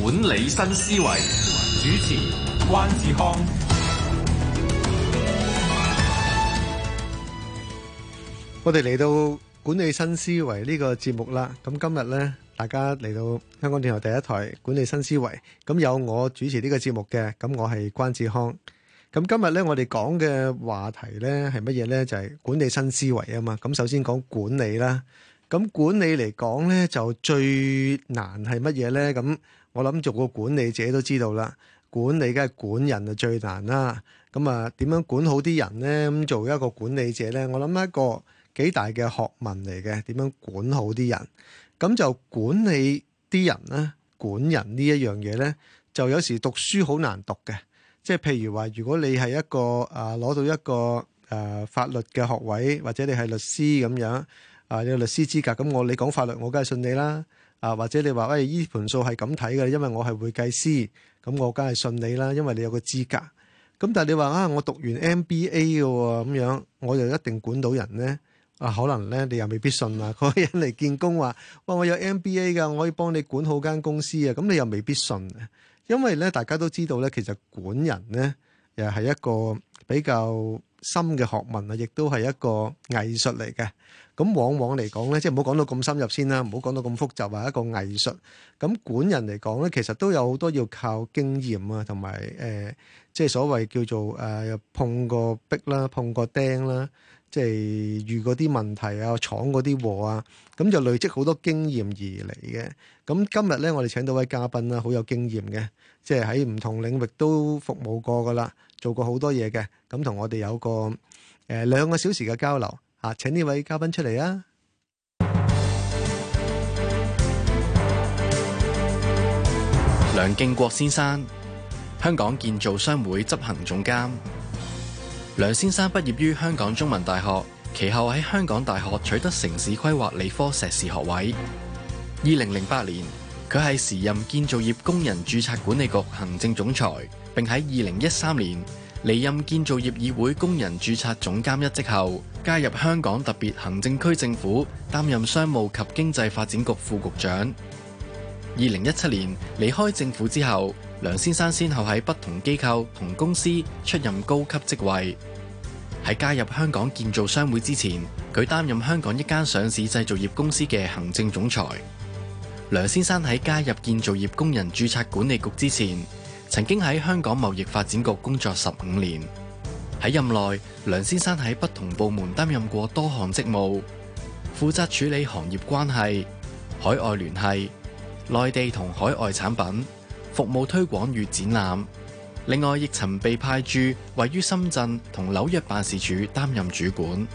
管理新思維，主持關志康。我哋嚟到管理新思維呢個節目啦，咁今日呢，大家嚟到香港電台第一台管理新思維，咁有我主持呢個節目嘅，咁我係關志康。咁今日呢，我哋講嘅話題呢係乜嘢呢？就係管理新思維啊嘛。咁首先講管理啦，咁管理嚟講呢就最難係乜嘢呢？咁我諗做個管理者都知道啦，管理梗係管人就最難啦。咁啊，點樣管好啲人咧？咁做一個管理者咧，我諗一個幾大嘅學問嚟嘅。點樣管好啲人？咁就管理啲人咧，管人呢一樣嘢咧，就有時讀書好難讀嘅。即係譬如話，如果你係一個啊攞到一個誒法律嘅學位，或者你係律師咁樣啊有律師資格，咁我你講法律，我梗係信你啦。啊，或者你話喂，依盤數係咁睇嘅，因為我係會計師，咁我梗係信你啦，因為你有個資格。咁但係你話啊，我讀完 MBA 嘅咁樣，我就一定管到人咧啊？可能咧，你又未必信啊。嗰個人嚟見工話哇，我有 MBA 噶，我可以幫你管好間公司啊。咁你又未必信，因為咧，大家都知道咧，其實管人咧又係一個比較深嘅學問啊，亦都係一個藝術嚟嘅。咁往往嚟講呢，即係唔好講到咁深入先啦，唔好講到咁複雜話一個藝術。咁管人嚟講呢，其實都有好多要靠經驗啊，同埋誒，即係所謂叫做誒碰過壁啦，碰過釘啦，即係遇過啲問題啊，闖過啲禍啊，咁就累積好多經驗而嚟嘅。咁今日呢，我哋請到位嘉賓啦，好有經驗嘅，即係喺唔同領域都服務過㗎喇。做過好多嘢嘅，咁同我哋有個誒兩個小時嘅交流吓，請呢位嘉賓出嚟啊！梁敬國先生，香港建造商會執行總監。梁先生畢業於香港中文大學，其後喺香港大學取得城市規劃理科碩士學位。二零零八年，佢係時任建造業工人註冊管理局行政總裁。並喺二零一三年離任建造業議會工人註冊總監一職後，加入香港特別行政區政府，擔任商務及經濟發展局副局長。二零一七年離開政府之後，梁先生先後喺不同機構同公司出任高級職位。喺加入香港建造商會之前，佢擔任香港一間上市製造業公司嘅行政總裁。梁先生喺加入建造業工人註冊管理局之前，曾經喺香港貿易發展局工作十五年，喺任內，梁先生喺不同部門擔任過多項職務，負責處理行業關係、海外聯繫、內地同海外產品服務推廣與展覽。另外，亦曾被派駐位於深圳同紐約辦事處擔任主管。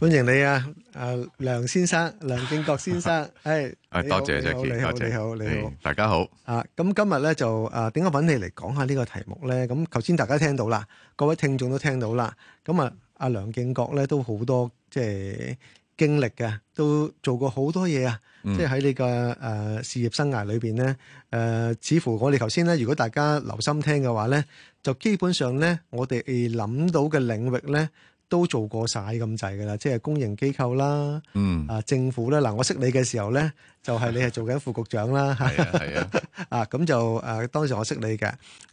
歡迎你啊！誒，梁先生，梁敬國先生，係，多謝再見，多謝，你好，你好，你好，大家好。啊，咁今日咧，就誒，點解揾你嚟講下呢個題目咧？咁頭先大家聽到啦，各位聽眾都聽到啦。咁啊，阿梁敬國咧都好多即係經歷嘅，都做過好多嘢啊。即係喺你嘅誒事業生涯裏邊咧，誒，似乎我哋頭先咧，如果大家留心聽嘅話咧，就基本上咧，我哋諗到嘅領域咧，都做過晒咁滯噶啦，即係公營機構啦，嗯、啊政府咧。嗱，我識你嘅時候咧，就係、是、你係做緊副局長啦。係啊係啊，啊咁、啊、就誒、啊、當時我識你嘅，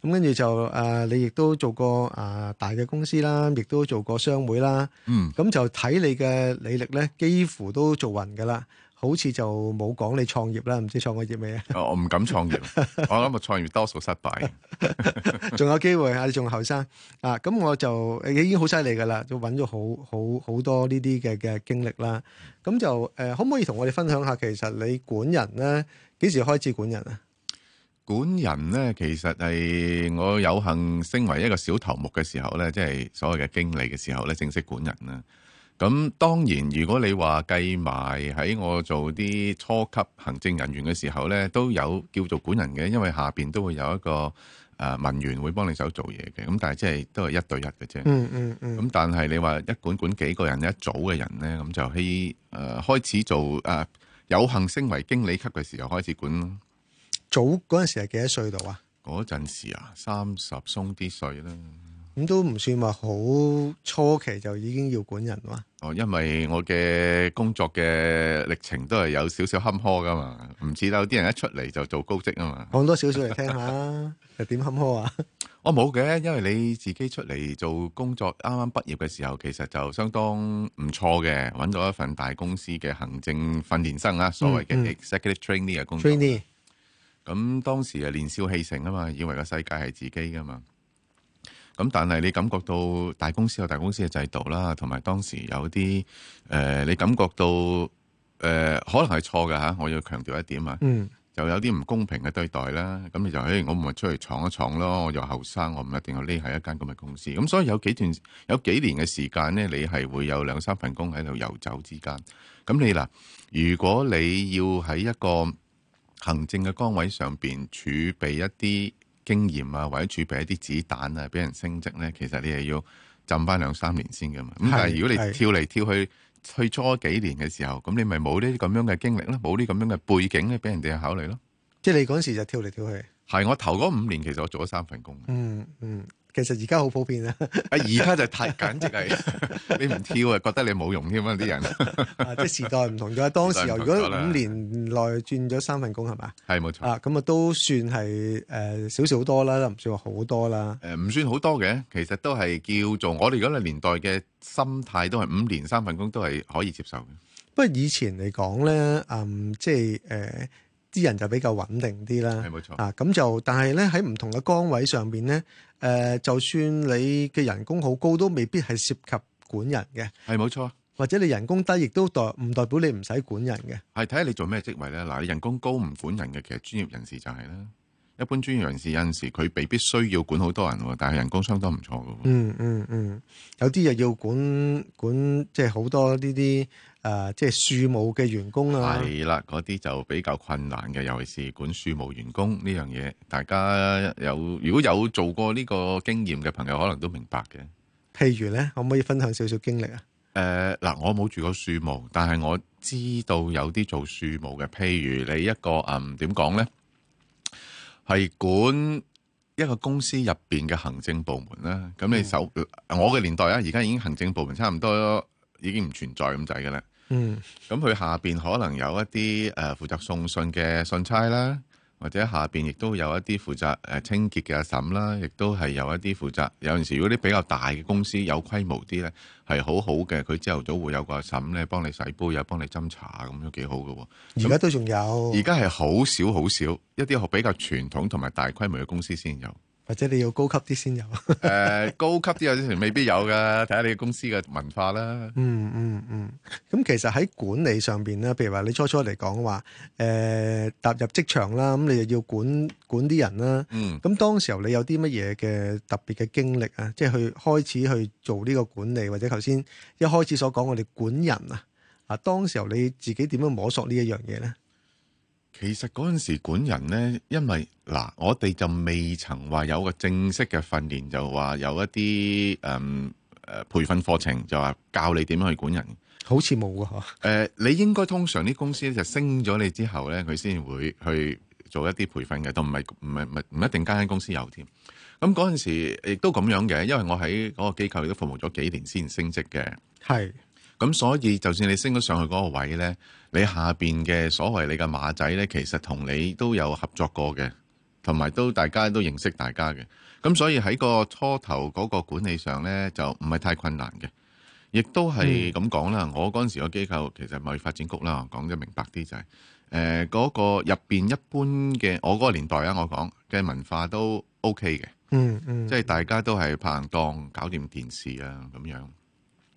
咁跟住就誒、啊、你亦都做過誒、啊、大嘅公司啦，亦、啊、都做過商會啦。嗯，咁就睇你嘅履歷咧，幾乎都做勻噶啦。好似就冇講你創業啦，唔知創過業未啊？我唔敢創業，我諗我創業多數失敗，仲有機會啊！你仲後生啊，咁我就已經好犀利噶啦，就揾咗好好好多呢啲嘅嘅經歷啦。咁就誒，可唔可以同我哋分享下？其實你管人咧，幾時開始管人啊？管人咧，其實係我有幸升為一個小頭目嘅時候咧，即係所謂嘅經理嘅時候咧，正式管人啦。咁當然，如果你話計埋喺我做啲初級行政人員嘅時候咧，都有叫做管人嘅，因為下邊都會有一個誒文員會幫你手做嘢嘅。咁但係即係都係一對一嘅啫、嗯。嗯嗯嗯。咁但係你話一管管幾個人一組嘅人咧，咁就喺誒、呃、開始做誒、呃、有幸升為經理級嘅時候開始管咯。早嗰陣時係幾多歲度啊？嗰陣時啊，三十鬆啲歲啦。咁都唔算話好初期就已經要管人啦。哦，因為我嘅工作嘅歷程都係有少少坎坷噶嘛，唔似得有啲人一出嚟就做高職啊嘛。講多少少嚟聽，聽下，係點坎坷啊？我冇嘅，因為你自己出嚟做工作，啱啱畢業嘅時候，其實就相當唔錯嘅，揾咗一份大公司嘅行政訓練生啊，所謂嘅 executive trainee 嘅，嗯嗯、工作。咁、嗯嗯、當時啊，年少氣盛啊嘛，以為個世界係自己噶嘛。咁但係你感覺到大公司有大公司嘅制度啦，同埋當時有啲誒、呃，你感覺到誒、呃、可能係錯嘅吓，我要強調一點啊，嗯、就有啲唔公平嘅對待啦。咁你就誒、欸，我唔咪出去闖一闖咯，我又後生，我唔一定要匿喺一間咁嘅公司。咁所以有幾段有幾年嘅時間呢，你係會有兩三份工喺度遊走之間。咁你嗱，如果你要喺一個行政嘅崗位上邊儲備一啲。經驗啊，或者儲備一啲子彈啊，俾人升職咧，其實你係要浸翻兩三年先嘅嘛。咁但係如果你跳嚟跳去，是去初幾年嘅時候，咁是你咪冇呢啲咁樣嘅經歷咧、啊，冇呢啲咁樣嘅背景咧，俾人哋去考慮咯、啊。即係你嗰時就跳嚟跳去。係我頭嗰五年其實我做咗三份工。嗯嗯。嗯其實而家好普遍啊！啊、 就是，而家就太簡直係，你唔跳啊，覺得你冇用添啊啲人。啊， 即係時代唔同咗，當時候如果五年內轉咗三份工，係嘛？係冇錯。啊，咁啊都算係誒少少多啦，都唔算話好多啦。誒、呃，唔算好多嘅，其實都係叫做我哋而家嘅年代嘅心態都係五年三份工都係可以接受嘅。不過以前嚟講咧，嗯，即係誒。呃啲人就比較穩定啲啦，係冇錯啊！咁就但係咧喺唔同嘅崗位上邊咧，誒、呃、就算你嘅人工好高，都未必係涉及管人嘅。係冇錯，錯或者你人工低，亦都代唔代表你唔使管人嘅。係睇下你做咩職位咧。嗱、啊，你人工高唔管人嘅，其實專業人士就係、是、啦。一般專業人士有陣時佢未必需要管好多人，但係人工相當唔錯嘅。嗯嗯嗯，有啲又要管管，即係好多呢啲。誒、啊，即係樹木嘅員工啊，係啦，嗰啲就比較困難嘅，尤其是管樹木員工呢樣嘢，大家有如果有做過呢個經驗嘅朋友，可能都明白嘅。譬如咧，可唔可以分享少少經歷啊？誒、呃，嗱，我冇住過樹木，但係我知道有啲做樹木嘅，譬如你一個誒，點講咧，係管一個公司入邊嘅行政部門啦。咁你手、嗯、我嘅年代啊，而家已經行政部門差唔多。已經唔存在咁滯㗎啦。嗯，咁佢下邊可能有一啲誒、呃、負責送信嘅信差啦，或者下邊亦都有一啲負責誒清潔嘅阿嬸啦，亦都係有一啲負責。有陣時，如果啲比較大嘅公司有規模啲咧，係好好嘅。佢朝頭早會有個阿嬸咧幫你洗杯，又幫你斟茶咁樣，都幾好㗎。而家都仲有，而家係好少好少，一啲比較傳統同埋大規模嘅公司先有。或者你要高級啲先有， 誒高級啲有之前未必有嘅，睇下你公司嘅文化啦，嗯。嗯嗯嗯，咁其實喺管理上邊咧，譬如話你初初嚟講話，誒、呃、踏入職場啦，咁你又要管管啲人啦。嗯，咁當時候你有啲乜嘢嘅特別嘅經歷啊？即係、就是、去開始去做呢個管理，或者頭先一開始所講我哋管人啊，啊當時候你自己點樣摸索呢一樣嘢咧？其實嗰陣時管人咧，因為嗱，我哋就未曾話有個正式嘅訓練，就話有一啲誒誒培訓課程，就話教你點樣去管人。好似冇啊？誒、呃，你應該通常啲公司咧就升咗你之後咧，佢先會去做一啲培訓嘅，都唔係唔係唔唔一定間間公司有添。咁嗰陣時亦都咁樣嘅，因為我喺嗰個機構亦都服務咗幾年先升職嘅。係。咁所以，就算你升咗上去嗰個位呢，你下邊嘅所謂你嘅馬仔呢，其實同你都有合作過嘅，同埋都大家都認識大家嘅。咁所以喺個初頭嗰個管理上呢，就唔係太困難嘅。亦都係咁講啦，嗯、我嗰陣時個機構其實貿易發展局啦，講嘅明白啲就係、係，誒、呃、嗰、嗰個入邊一般嘅我嗰個年代啊，我講嘅文化都 OK 嘅，嗯嗯，即係大家都係拍檔搞掂電視啊咁樣，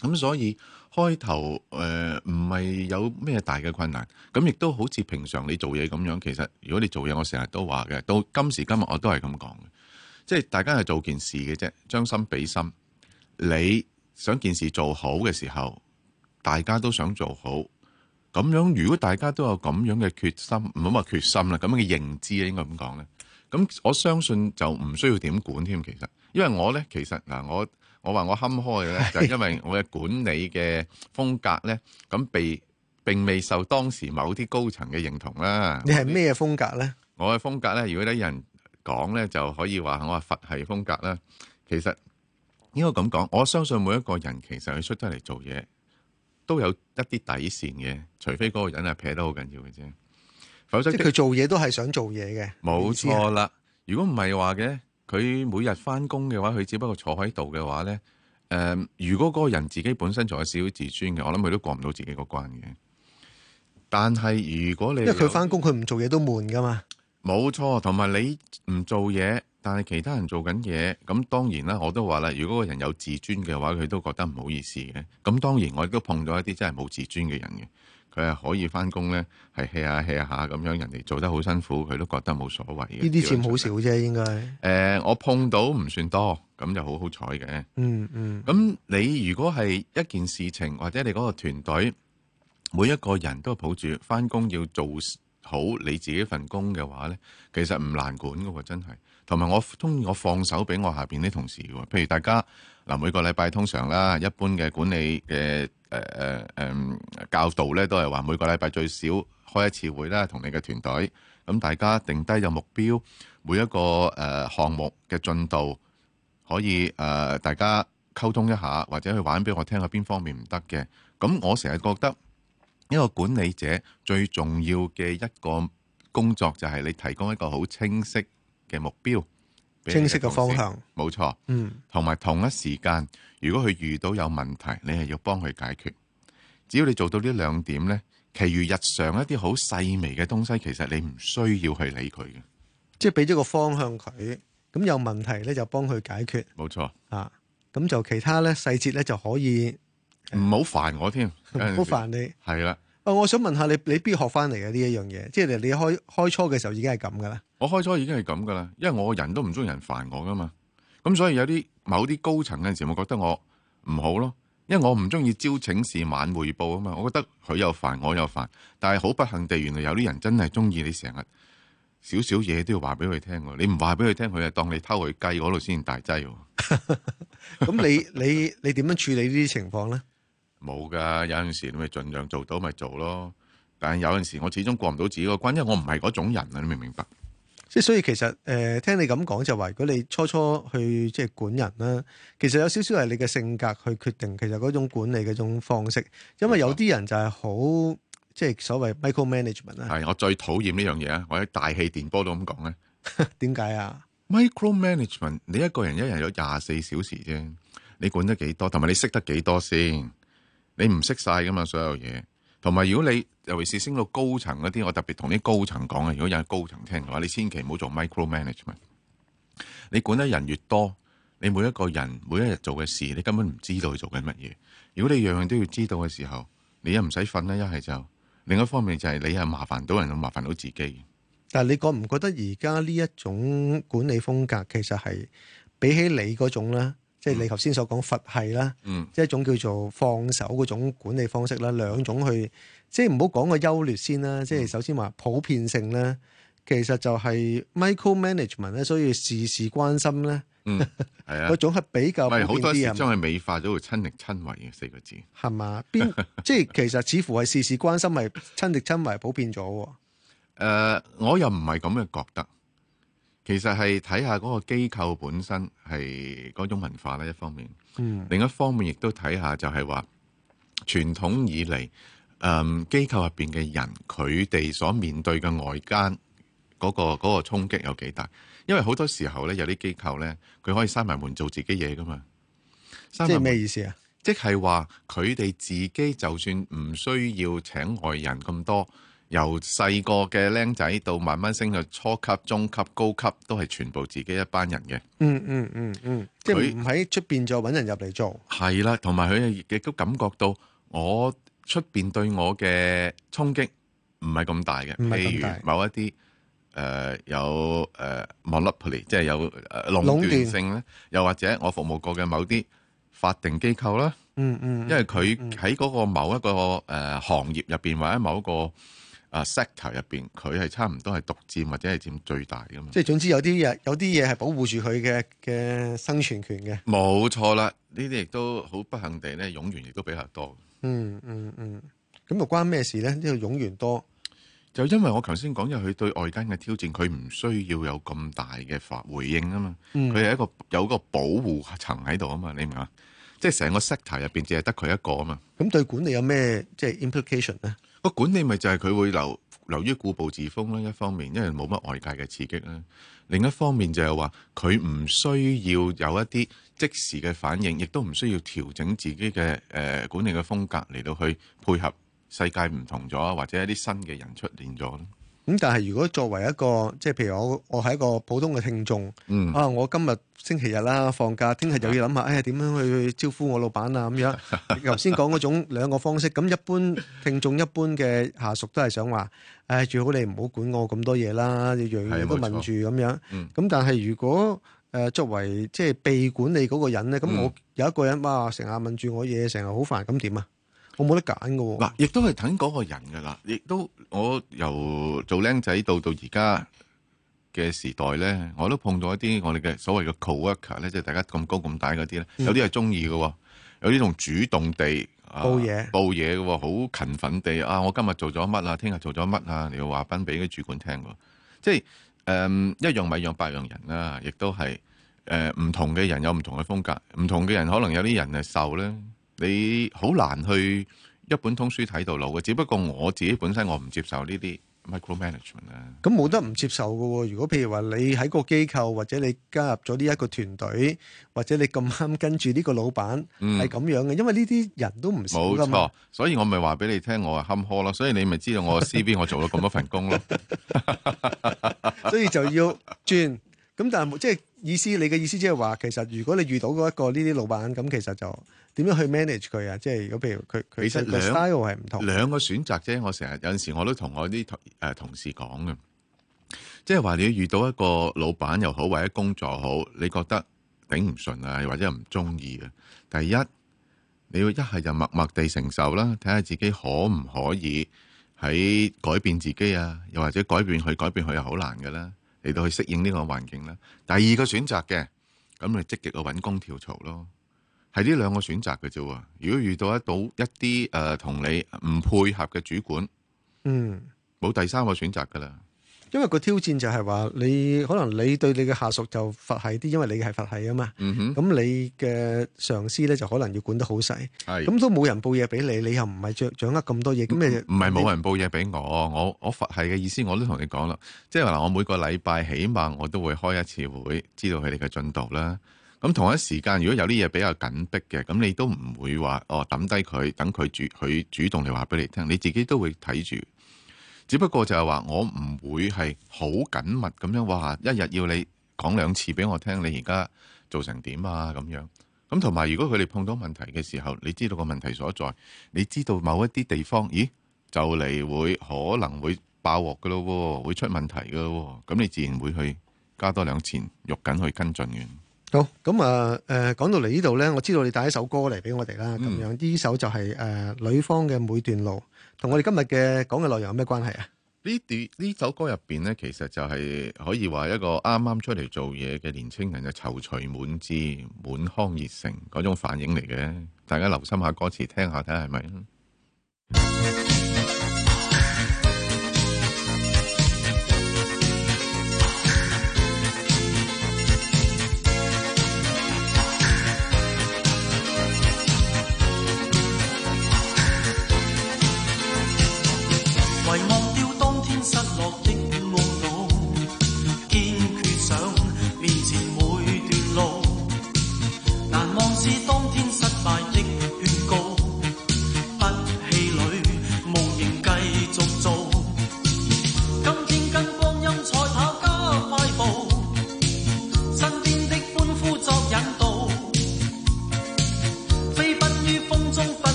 咁所以。開頭誒唔係有咩大嘅困難，咁亦都好似平常你做嘢咁樣。其實如果你做嘢，我成日都話嘅，到今時今日我都係咁講嘅。即係大家係做件事嘅啫，將心比心。你想件事做好嘅時候，大家都想做好。咁樣如果大家都有咁樣嘅決心，唔好話決心啦，咁樣嘅認知應該咁講咧。咁我相信就唔需要點管添，其實，因為我咧，其實嗱我。我話我坎坷咧，就因為我嘅管理嘅風格咧，咁被並未受當時某啲高層嘅認同啦。你係咩風格咧？我嘅風格咧，如果有人講咧，就可以話我係佛系風格啦。其實應該咁講，我相信每一個人其實佢出得嚟做嘢，都有一啲底線嘅，除非嗰個人係劈得好緊要嘅啫，否則即係佢做嘢都係想做嘢嘅。冇錯啦，如果唔係話嘅。佢每日返工嘅話，佢只不過坐喺度嘅話呢。誒、呃，如果嗰個人自己本身仲有少少自尊嘅，我諗佢都過唔到自己嗰關嘅。但係如果你因為佢返工，佢唔做嘢都悶㗎嘛。冇錯，同埋你唔做嘢，但係其他人做緊嘢，咁當然啦，我都話啦，如果個人有自尊嘅話，佢都覺得唔好意思嘅。咁當然，我亦都碰到一啲真係冇自尊嘅人嘅。誒，可以翻工咧，係 h 下 h 下咁樣，人哋做得好辛苦，佢都覺得冇所謂嘅。呢啲事好少啫，應該。誒、呃，我碰到唔算多，咁就好好彩嘅。嗯嗯。咁你如果係一件事情，或者你嗰個團隊每一個人都抱住翻工要做好你自己份工嘅話咧，其實唔難管噶喎，真係。同埋我通我放手俾我下邊啲同事喎，譬如大家。嗱，每個禮拜通常啦，一般嘅管理嘅誒誒誒教導咧，都係話每個禮拜最少開一次會啦，同你嘅團隊，咁大家定低有目標，每一個誒、呃、項目嘅進度可以誒、呃、大家溝通一下，或者去話俾我聽，下邊方面唔得嘅。咁我成日覺得一個管理者最重要嘅一個工作就係你提供一個好清晰嘅目標。清晰嘅方向，冇錯，嗯，同埋同一時間，如果佢遇到有問題，你係要幫佢解決。只要你做到呢兩點咧，其餘日常一啲好細微嘅東西，其實你唔需要去理佢嘅，即係俾咗個方向佢，咁有問題咧就幫佢解決。冇錯，啊，咁就其他咧細節咧就可以，唔好煩我添，唔好煩你，係啦。啊、哦，我想問下你，你必學翻嚟嘅呢一樣嘢？即係你開開初嘅時候已經係咁噶啦。我開初已經係咁噶啦，因為我人都唔中意人煩我噶嘛，咁所以有啲某啲高層有陣時，我覺得我唔好咯，因為我唔中意朝請示晚匯報啊嘛。我覺得佢又煩，我又煩，但係好不幸地，原來有啲人真係中意你成日少少嘢都要話俾佢聽喎。你唔話俾佢聽，佢就當你偷佢雞嗰度先大劑喎。咁 你你你點樣處理呢啲情況呢？冇噶 有陣時，你咪盡量做到咪做咯。但係有陣時，我始終過唔到自己個關，因為我唔係嗰種人啊。你明唔明白？即所以其實誒、呃、聽你咁講就話，如果你初初去即係管人啦，其實有少少係你嘅性格去決定，其實嗰種管理嘅種方式，因為有啲人就係好即係所謂 micro management 啦。係，我最討厭呢樣嘢啊！我喺大氣電波都咁講咧。點解啊？micro management，你一個人一日有廿四小時啫，你管得幾多？同埋你識得幾多先？你唔識晒㗎嘛，所有嘢。同埋，如果你尤其是升到高層嗰啲，我特別同啲高層講嘅，如果有高層聽嘅話，你千祈唔好做 micro management。你管得人越多，你每一個人每一日做嘅事，你根本唔知道佢做緊乜嘢。如果你樣樣都要知道嘅時候，你又唔使瞓啦，一係就另一方面就係你又麻煩到人，又麻煩到自己。但係你覺唔覺得而家呢一種管理風格其實係比起你嗰種咧？即係你頭先所講佛系啦，嗯、即係一種叫做放手嗰種管理方式啦，兩種去即係唔好講個優劣先啦。嗯、即係首先話普遍性咧，其實就係 micro management 咧，所以事事關心咧，嗯，係啊，嗰 種係比較普遍啲啊。唔係好多文章美化咗個親力親為嘅四個字係嘛？邊 即係其實似乎係事事關心係親力親為普遍咗。誒、呃，我又唔係咁嘅覺得。其實係睇下嗰個機構本身係嗰種文化咧，一方面；嗯、另一方面亦都睇下就係話，傳統以嚟，誒、呃、機構入邊嘅人，佢哋所面對嘅外間嗰個嗰個衝擊有幾大？因為好多時候咧，有啲機構咧，佢可以閂埋門做自己嘢噶嘛。即係咩意思啊？即係話佢哋自己就算唔需要請外人咁多。由細個嘅僆仔到慢慢升到初級、中級、高級，都係全部自己一班人嘅。嗯嗯嗯嗯，即係佢唔喺出邊做，揾人入嚟做。係啦，同埋佢亦都感覺到我出邊對我嘅衝擊唔係咁大嘅，譬如某一啲誒有誒 monopoly，即係有壟斷性咧，又或者我服務過嘅某啲法定機構啦。嗯嗯，因為佢喺嗰個某一個誒行業入邊或者某一個。啊，sector 入邊佢係差唔多係獨佔或者係佔最大噶嘛。即係總之有啲嘢，有啲嘢係保護住佢嘅嘅生存權嘅。冇錯啦，呢啲亦都好不幸地咧，冗員亦都比較多嗯。嗯嗯嗯，咁又關咩事咧？呢、呢個冗員多，就因為我頭先講咗佢對外間嘅挑戰，佢唔需要有咁大嘅回應啊嘛。佢係、嗯、一個有個保護層喺度啊嘛。你明嘛？即係成個 sector 入邊淨係得佢一個啊嘛。咁對管理有咩即係 implication 咧？管理咪就係佢會留留於固步自封啦，一方面，因為冇乜外界嘅刺激啦；另一方面就係話，佢唔需要有一啲即時嘅反應，亦都唔需要調整自己嘅誒、呃、管理嘅風格嚟到去配合世界唔同咗，或者一啲新嘅人出現咗。咁但係如果作為一個即係譬如我我係一個普通嘅聽眾，啊我今日星期日啦放假，聽日又要諗下，哎點樣去招呼我老闆啊咁樣？頭先講嗰種兩個方式，咁一般聽眾一般嘅下屬都係想話，哎最好你唔好管我咁多嘢啦，你樣樣都問住咁樣。咁但係如果誒作為即係被管理嗰個人咧，咁我有一個人哇成日問住我嘢，成日好煩，咁點啊？我冇得揀㗎喎。嗱，亦都係等嗰個人嘅啦，亦都。我由做僆仔到到而家嘅時代咧，我都碰到一啲我哋嘅所謂嘅 coworker 咧，即係、就是、大家咁高咁大嗰啲咧，有啲係中意嘅，有啲仲主動地、嗯啊、報嘢報嘢嘅，好勤奮地啊！我今日做咗乜啊？聽日做咗乜啊？你要話番俾啲主管聽，即係誒、嗯、一樣米養百樣，樣人啦、啊，亦都係誒唔同嘅人有唔同嘅風格，唔同嘅人可能有啲人係瘦咧，你好難去。一本通書睇到老嘅，只不過我自己本身我唔接受呢啲 micro management 啦。咁冇得唔接受㗎喎？如果譬如話你喺個機構或者你加入咗呢一個團隊，或者你咁啱跟住呢個老闆係咁樣嘅，因為呢啲人都唔少嘅嘛。冇錯，所以我咪話俾你聽，我係坎坷咯。所以你咪知道我 CV 我做咗咁多份工咯。所以就要轉，咁但係即係。意思，你嘅意思即係話，其實如果你遇到嗰一個呢啲老闆，咁其實就點樣去 manage 佢啊？即係如果譬如佢，其實 style 係唔同，兩個選擇啫。我成日有陣時我都同我啲誒、呃、同事講嘅，即係話你要遇到一個老闆又好，或者工作好，你覺得頂唔順啊，或者唔中意啊，第一你要一係就默默地承受啦，睇下自己可唔可以喺改變自己啊，又或者改變佢，改變佢又好難嘅啦。嚟到去適應呢個環境啦。第二個選擇嘅，咁咪積極去揾工跳槽咯。係呢兩個選擇嘅啫。如果遇到一到一啲誒同你唔配合嘅主管，嗯，冇第三個選擇㗎喇。因為個挑戰就係話，你可能你對你嘅下屬就佛系啲，因為你係佛系啊嘛。咁、嗯、哼你嘅上司咧就可能要管得好細。咁是都冇人報嘢俾你，你又唔係掌掌握咁多嘢，咁咪唔係冇人報嘢俾我。我我佛系嘅意思，我都同你講啦。即係話嗱，我每個禮拜起碼我都會開一次會，知道佢哋嘅進度啦。咁同一時間，如果有啲嘢比較緊迫嘅，咁你都唔會話哦，抌低佢，等佢主佢主動嚟話俾你聽，你自己都會睇住。只不過就係話我唔會係好緊密咁樣話，一日要你講兩次俾我聽，你而家做成點啊？咁樣咁同埋，如果佢哋碰到問題嘅時候，你知道個問題所在，你知道某一啲地方，咦，就嚟會可能會爆鑊噶咯，會出問題噶咯，咁你自然會去加多兩錢，肉緊去跟進完。好，咁啊，誒、呃，講到嚟呢度呢，我知道你帶一首歌嚟俾我哋啦，咁樣呢、嗯、首就係、是、誒、呃、女方嘅每段路。同我哋今日嘅講嘅內容有咩關係啊？呢段呢首歌入邊咧，其實就係可以話一個啱啱出嚟做嘢嘅年青人嘅躊躇滿志、滿腔熱誠嗰種反應嚟嘅。大家留心下歌詞，聽下睇下係咪。是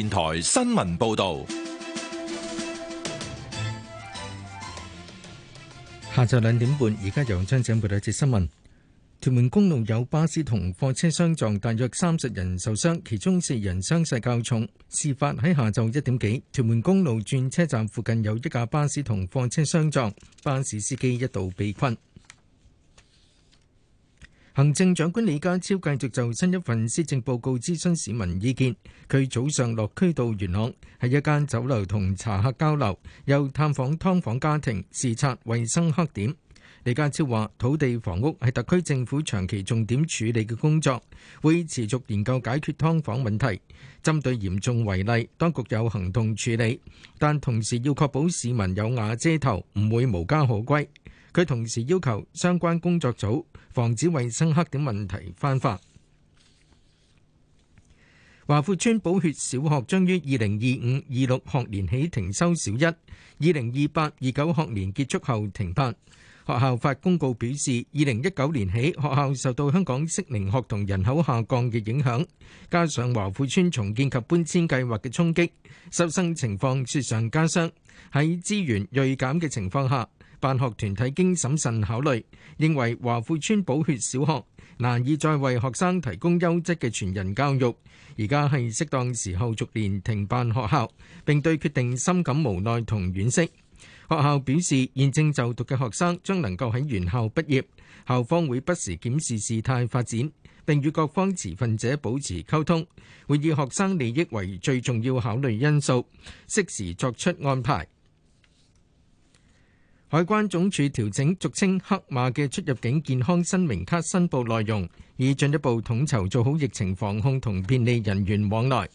電台新聞報道。下晝兩點半，而家由張政報道一節新聞。屯門公路有巴士同貨車相撞，大約三十人受傷，其中四人傷勢較重。事發喺下晝一點幾，屯門公路轉車站附近有一架巴士同貨車相撞，巴士司機一度被困。行政長官李家超繼續就新一份施政報告諮詢市民意見。佢早上落區到元朗，喺一間酒樓同茶客交流，又探訪劏房家庭，視察衞生黑點。李家超話：土地房屋係特區政府長期重點處理嘅工作，會持續研究解決劏房問題。針對嚴重違例，當局有行動處理，但同時要確保市民有瓦遮頭，唔會無家可歸。佢同時要求相關工作組防止衞生黑點問題翻發。華富邨寶血小學將於二零二五二六學年起停收小一，二零二八二九學年結束後停辦。學校發公告表示，二零一九年起學校受到香港適齡學童人口下降嘅影響，加上華富邨重建及搬遷計劃嘅衝擊，收生情況雪上加霜。喺資源鋭減嘅情況下，辦學團體經審慎考慮，認為華富邨寶血小學難以再為學生提供優質嘅全人教育，而家係適當時候逐年停辦學校，並對決定深感無奈同惋惜。學校表示，現正就讀嘅學生將能夠喺原校畢業，校方會不時檢視事態發展，並與各方持份者保持溝通，會以學生利益為最重要考慮因素，適時作出安排。海關總署調整俗稱“黑馬”嘅出入境健康申明卡申報內容，以進一步統籌做好疫情防控同便利人員往來。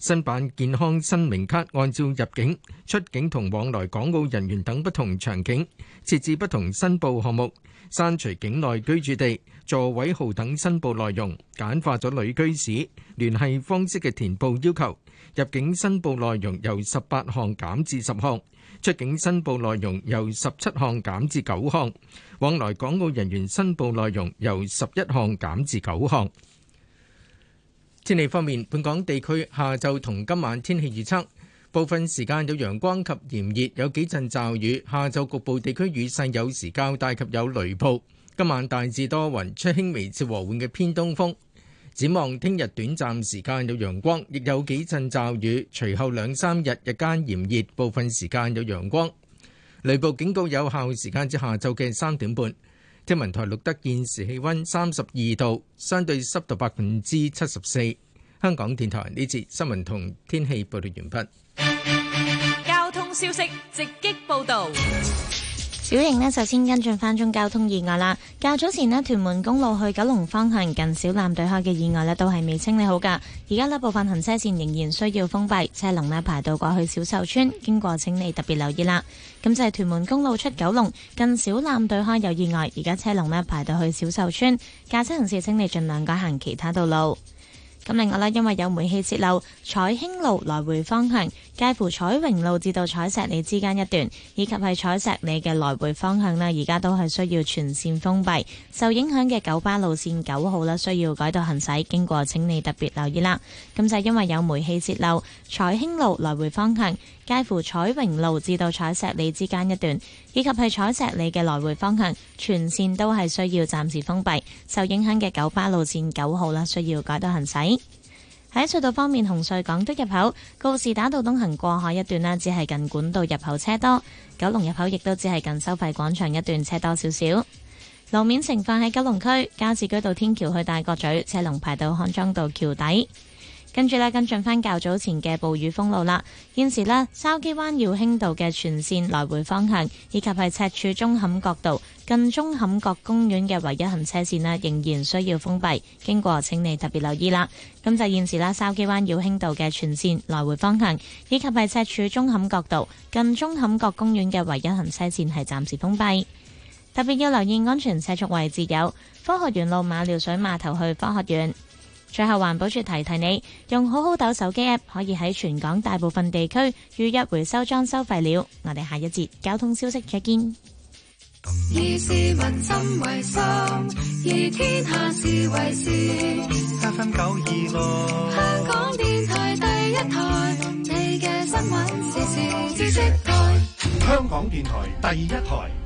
新版健康申明卡按照入境、出境同往來港澳人員等不同場景，設置不同申報項目，刪除境內居住地、座位號等申報內容，簡化咗旅居史、聯繫方式嘅填報要求。入境申報內容由十八項減至十項。出境申報內容由十七項減至九項，往來港澳人員申報內容由十一項減至九項。天氣方面，本港地區下晝同今晚天氣預測，部分時間有陽光及炎熱，有幾陣驟雨。下晝局部地區雨勢有時較大及有雷暴。今晚大致多雲，吹輕微至和緩嘅偏東風。展望聽日短暫時間有陽光，亦有幾陣驟雨。隨後兩三日日間炎熱，部分時間有陽光。雷暴警告有效時間至下晝嘅三點半。天文台錄得現時氣溫三十二度，相對濕度百分之七十四。香港電台呢節新聞同天氣報道完畢。交通消息直擊報道。小瑩呢就先跟進翻宗交通意外啦。較早前呢，屯門公路去九龍方向近小欖對開嘅意外呢都係未清理好噶。而家呢部分行車線仍然需要封閉，車龍呢排到過去小秀村，經過請你特別留意啦。咁就係屯門公路出九龍近小欖對開有意外，而家車龍呢排到去小秀村，駕車人士請你盡量改行其他道路。咁另外呢，因為有煤氣泄漏，彩興路來回方向。介乎彩榮路至到彩石里之間一段，以及係彩石里嘅來回方向咧，而家都係需要全綫封閉。受影響嘅九巴路綫九號啦，需要改道行駛，經過請你特別留意啦。咁就因為有煤氣泄漏，彩興路來回方向，介乎彩榮路至到彩石里之間一段，以及係彩石里嘅來回方向，全綫都係需要暫時封閉。受影響嘅九巴路綫九號啦，需要改道行駛。喺隧道方面，紅隧港島入口告士打道東行過海一段啦，只係近管道入口車多；九龍入口亦都只係近收費廣場一段車多少少。路面情況喺九龍區，加士居道天橋去大角咀車龍排到康莊道橋底，跟住呢，跟進返較早前嘅暴雨封路啦。現時呢，筲箕灣耀興道嘅全線來回方向，以及係赤柱中坎角道，近中坎角公園嘅唯一行車線啦，仍然需要封閉，經過請你特別留意啦。咁就現時啦，筲箕灣耀興道嘅全線來回方向，以及係赤柱中坎角道近中坎角公園嘅唯一行車線係暫時封閉。特別要留意安全車速位置有科學園路馬料水碼頭去科學園。最後，環保署提，提提你用好好斗手機 App 可以喺全港大部分地區預約回收裝修廢料。我哋下一節交通消息再見。以市民心為心，以天下事為事。七分九二六，香港電台第一台，你嘅新聞時事知識台。香港電台第一台。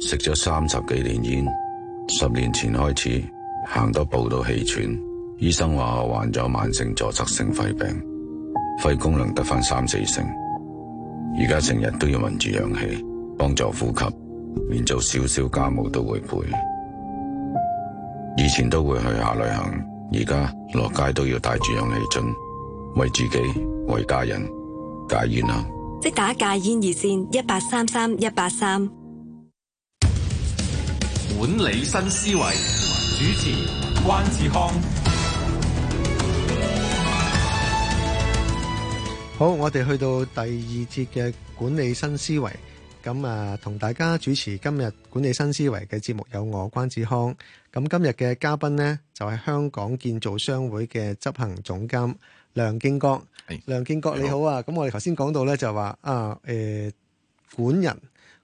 食咗三十幾年煙，十年前開始行多步都氣喘，醫生話我患咗慢性阻塞性肺病，肺功能得返三四成，而家成日都要聞住氧氣幫助呼吸，連做少少家務都會背。以前都會去下旅行，而家落街都要帶住氧氣樽，為自己為家人戒煙啦！即打戒煙熱線一八三三一八三。管理新思維主持關志康。好，我哋去到第二節嘅管理新思維，咁啊，同大家主持今日管理新思維嘅節目有我關志康，咁今日嘅嘉賓呢，就係、是、香港建造商會嘅執行總監梁建國。是梁建國你好啊，咁我哋頭先講到呢，就話啊，誒、呃，管人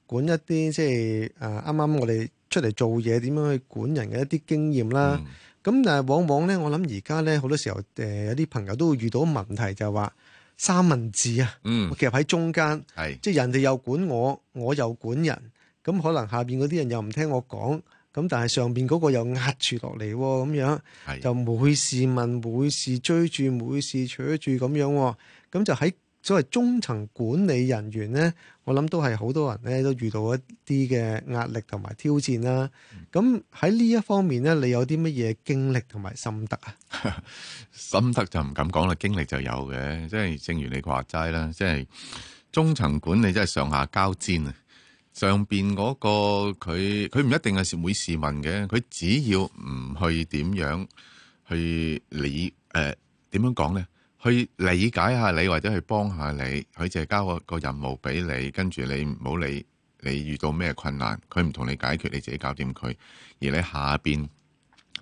管一啲即係啱啱我哋。出嚟做嘢，點樣去管人嘅一啲經驗啦。咁、嗯、但係往往呢，我諗而家呢，好多時候，誒、呃、有啲朋友都會遇到問題，就話、是、三文治啊。嗯，其實喺中間，是即係人哋又管我，我又管人，咁可能下邊嗰啲人又唔聽我講，咁但係上邊嗰個又壓住落嚟，咁樣，是就每事問，每事追住，每事扯住咁樣，咁就喺。所謂中層管理人員咧，我諗都係好多人咧都遇到一啲嘅壓力同埋挑戰啦、啊。咁喺呢一方面咧，你有啲乜嘢經歷同埋心得啊？ 心得就唔敢講啦，經歷就有嘅。即係正如你話齋啦，即係中層管理即係上下交戰啊。上邊嗰個佢佢唔一定係會市民嘅，佢只要唔去點樣去理誒點、呃、樣講咧。去理解下你或者去幫下你，佢淨係交個任務俾你，跟住你唔好理，你遇到咩困難，佢唔同你解決，你自己搞掂佢。而你下邊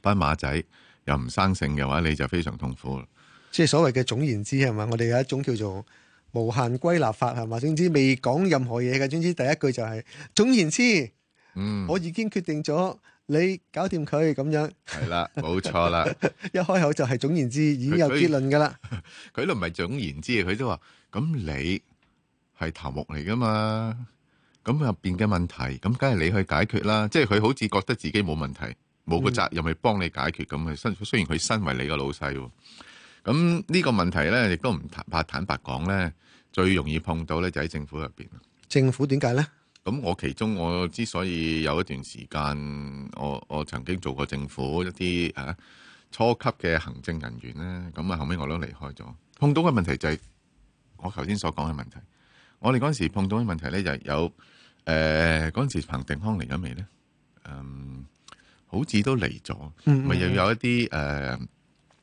班馬仔又唔生性嘅話，你就非常痛苦。即係所謂嘅總言之係嘛，我哋有一種叫做無限歸納法係嘛，總之未講任何嘢嘅，總之第一句就係、是、總言之，嗯，我已經決定咗。你搞掂佢咁樣，係啦，冇錯啦。一開口就係總， 總言之，已經有結論噶啦。佢都唔係總言之，佢都話，咁你係頭目嚟噶嘛，咁入邊嘅問題，咁梗係你去解決啦。即係佢好似覺得自己冇問題，冇個責任去幫你解決咁啊。嗯、雖然佢身為你個老細，咁呢個問題咧，亦都唔怕坦白講咧，最容易碰到咧就喺政府入邊。政府點解咧？咁我其中我之所以有一段時間，我我曾經做過政府一啲誒、啊、初級嘅行政人員咧，咁啊後尾我都離開咗。碰到嘅問題就係我頭先所講嘅問題。我哋嗰陣時碰到嘅問題咧，就係有誒嗰陣時彭定康嚟咗未咧？嗯，好似都嚟咗，咪又、嗯嗯、有一啲誒、呃、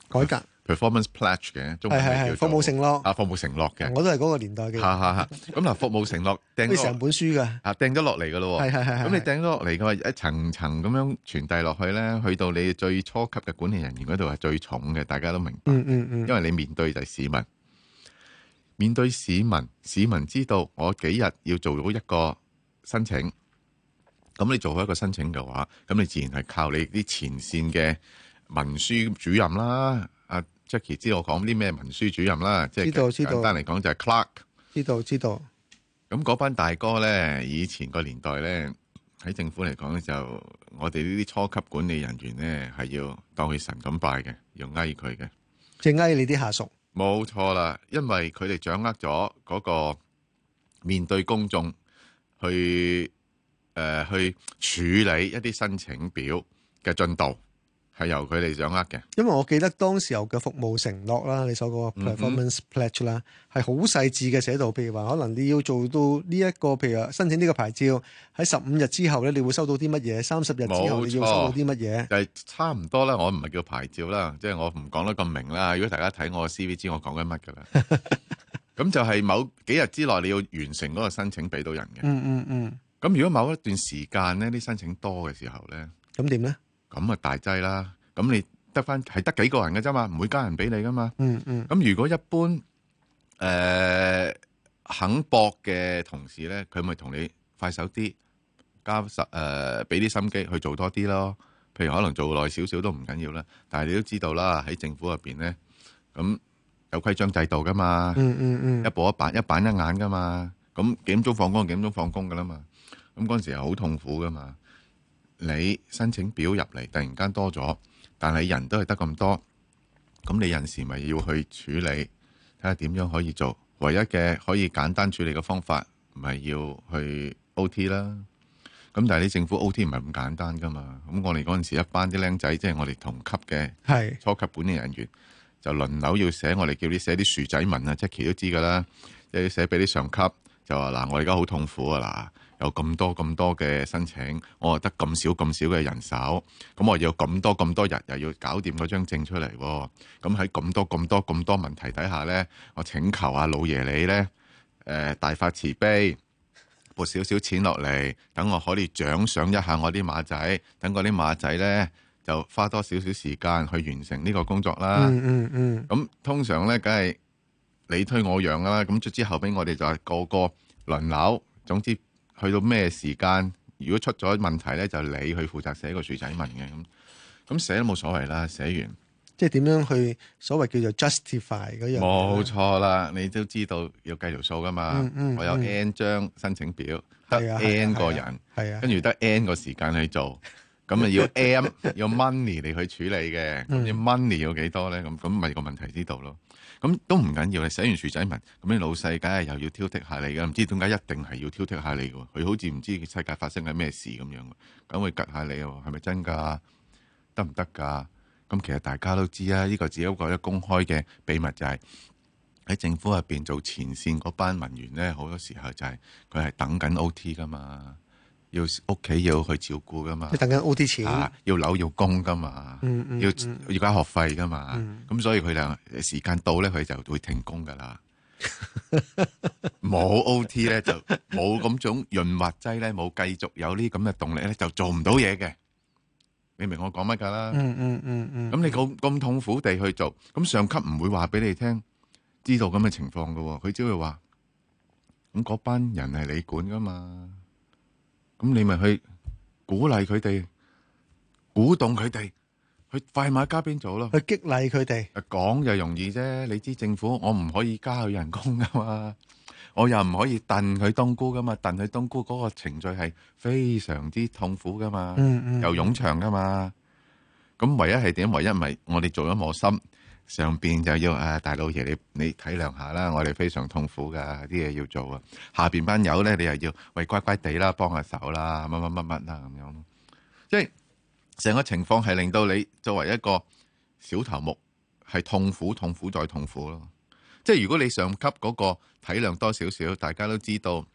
改革。performance pledge 嘅，中文係叫係係係服務承諾啊。服務承諾嘅，我都係嗰個年代嘅。係係係咁，嗱，服務承諾掟成本書㗎啊，掟咗落嚟㗎咯。係係係咁，你掟咗落嚟嘅話一層層咁樣傳遞落去咧，去到你最初級嘅管理人員嗰度係最重嘅，大家都明白。嗯嗯嗯，因為你面對就係市民，面對市民，市民知道我幾日要做到一個申請，咁你做好一個申請嘅話，咁你自然係靠你啲前線嘅文書主任啦。Jackie 知我講啲咩文書主任啦，即係簡單嚟講就係 clerk 知道知道。咁嗰班大哥咧，以前個年代咧，喺政府嚟講咧，就我哋呢啲初級管理人員咧，係要當佢神咁拜嘅，要威佢嘅，即係威你啲下屬。冇錯啦，因為佢哋掌握咗嗰個面對公眾去誒、呃、去處理一啲申請表嘅進度。係由佢哋掌握嘅，因為我記得當時候嘅服務承諾啦，你所講 Performance Pledge 啦、嗯嗯，係好細致嘅寫到，譬如話可能你要做到呢、這、一個，譬如話申請呢個牌照喺十五日之後咧，你會收到啲乜嘢？三十日之後你要收到啲乜嘢？誒，就是、差唔多啦，我唔係叫牌照啦，即、就、係、是、我唔講得咁明啦。如果大家睇我嘅 CV，知我講緊乜㗎啦。咁 就係某幾日之內你要完成嗰個申請俾到人嘅、嗯。嗯嗯嗯。咁如果某一段時間呢，啲申請多嘅時候咧，咁點咧？咁啊大劑啦！咁你得返係得幾個人嘅啫嘛，唔會加人俾你噶嘛。嗯嗯。咁、嗯、如果一般誒、呃、肯搏嘅同事咧，佢咪同你快手啲，加十誒俾啲心機去做多啲咯。譬如可能做耐少少都唔緊要啦，但係你都知道啦，喺政府入邊咧，咁有規章制度噶嘛。嗯嗯嗯。嗯嗯一步一板一板一眼噶嘛。咁幾點鐘放工幾點鐘放工噶啦嘛。咁嗰陣時係好痛苦噶嘛。你申請表入嚟突然間多咗，但係人都係得咁多，咁你有陣時咪要去處理，睇下點樣可以做。唯一嘅可以簡單處理嘅方法，咪、就是、要去 O.T. 啦。咁但係啲政府 O.T. 唔係咁簡單噶嘛。咁我哋嗰陣時一班啲僆仔，即、就、係、是、我哋同級嘅，係初級管理人員，是就輪流要寫我哋叫你寫啲薯仔文啊，即係 Jackie 都知㗎啦，即係寫俾啲上級就話嗱，我而家好痛苦啊嗱。有咁多咁多嘅申請，我又得咁少咁少嘅人手，咁我要咁多咁多日又要搞掂嗰張證出嚟喎。咁喺咁多咁多咁多問題底下呢，我請求阿老爺你呢，誒大發慈悲，撥少少錢落嚟，等我可以獎賞一下我啲馬仔，等我啲馬仔呢，就花多少少時間去完成呢個工作啦。嗯嗯嗯。咁通常呢，梗係你推我讓啦。咁之後後尾我哋就係個個輪流，總之。去到咩時間？如果出咗問題咧，就你去負責寫個樹仔文嘅咁，咁、嗯、寫都冇所謂啦，寫完。即係點樣去所謂叫做 justify 嗰樣？冇錯啦，你都知道要計條數㗎嘛。嗯，嗯我有 n 張申請表，得、嗯、黑 n 個人，係啊。跟住得 n 個時間去做，咁啊 要 m 要 money 嚟去處理嘅。咁啲 money 要幾多咧？咁咁咪個問題知道咯。咁都唔緊要，你寫完薯仔文，咁啲老細梗係又要挑剔下你噶，唔知點解一定係要挑剔下你嘅，佢好似唔知世界發生緊咩事咁樣，咁會吉下你喎，係咪真㗎？得唔得㗎？咁其實大家都知啊，呢個只係一個公開嘅秘密就係喺政府入邊做前線嗰班文員咧，好多時候就係佢係等緊 OT 㗎嘛。要屋企要去照顧噶嘛？要等緊 O T 錢，要樓要供噶嘛？要要交學費噶嘛？咁所以佢哋時間到咧，佢就會停工噶啦。冇 O T 咧，就冇咁種潤滑劑咧，冇繼續有呢咁嘅動力咧，就做唔到嘢嘅。你明我講乜噶啦？咁你咁咁痛苦地去做，咁上級唔會話俾你聽，知道咁嘅情況噶喎。佢只會話：咁嗰班人係你管噶嘛？咁你咪去鼓勵佢哋，鼓動佢哋去快馬加鞭做咯，去激勵佢哋。講就容易啫，你知政府我唔可以加佢人工噶嘛，我又唔可以燉佢冬菇噶嘛，燉佢冬菇嗰個程序係非常之痛苦噶嘛，嗯嗯，又冗長噶嘛。咁唯一係點？唯一咪我哋做咗磨心。上邊就要啊，大老爺你你體諒下啦，我哋非常痛苦，噶，啲嘢要做啊。下邊班友咧，你又要喂，乖乖地啦，幫下手啦，乜乜乜乜啊，咁樣。即係成個情況係令到你作為一個小頭目係痛苦、痛苦再痛苦咯。即係如果你上級嗰個體諒多少少，大家都知道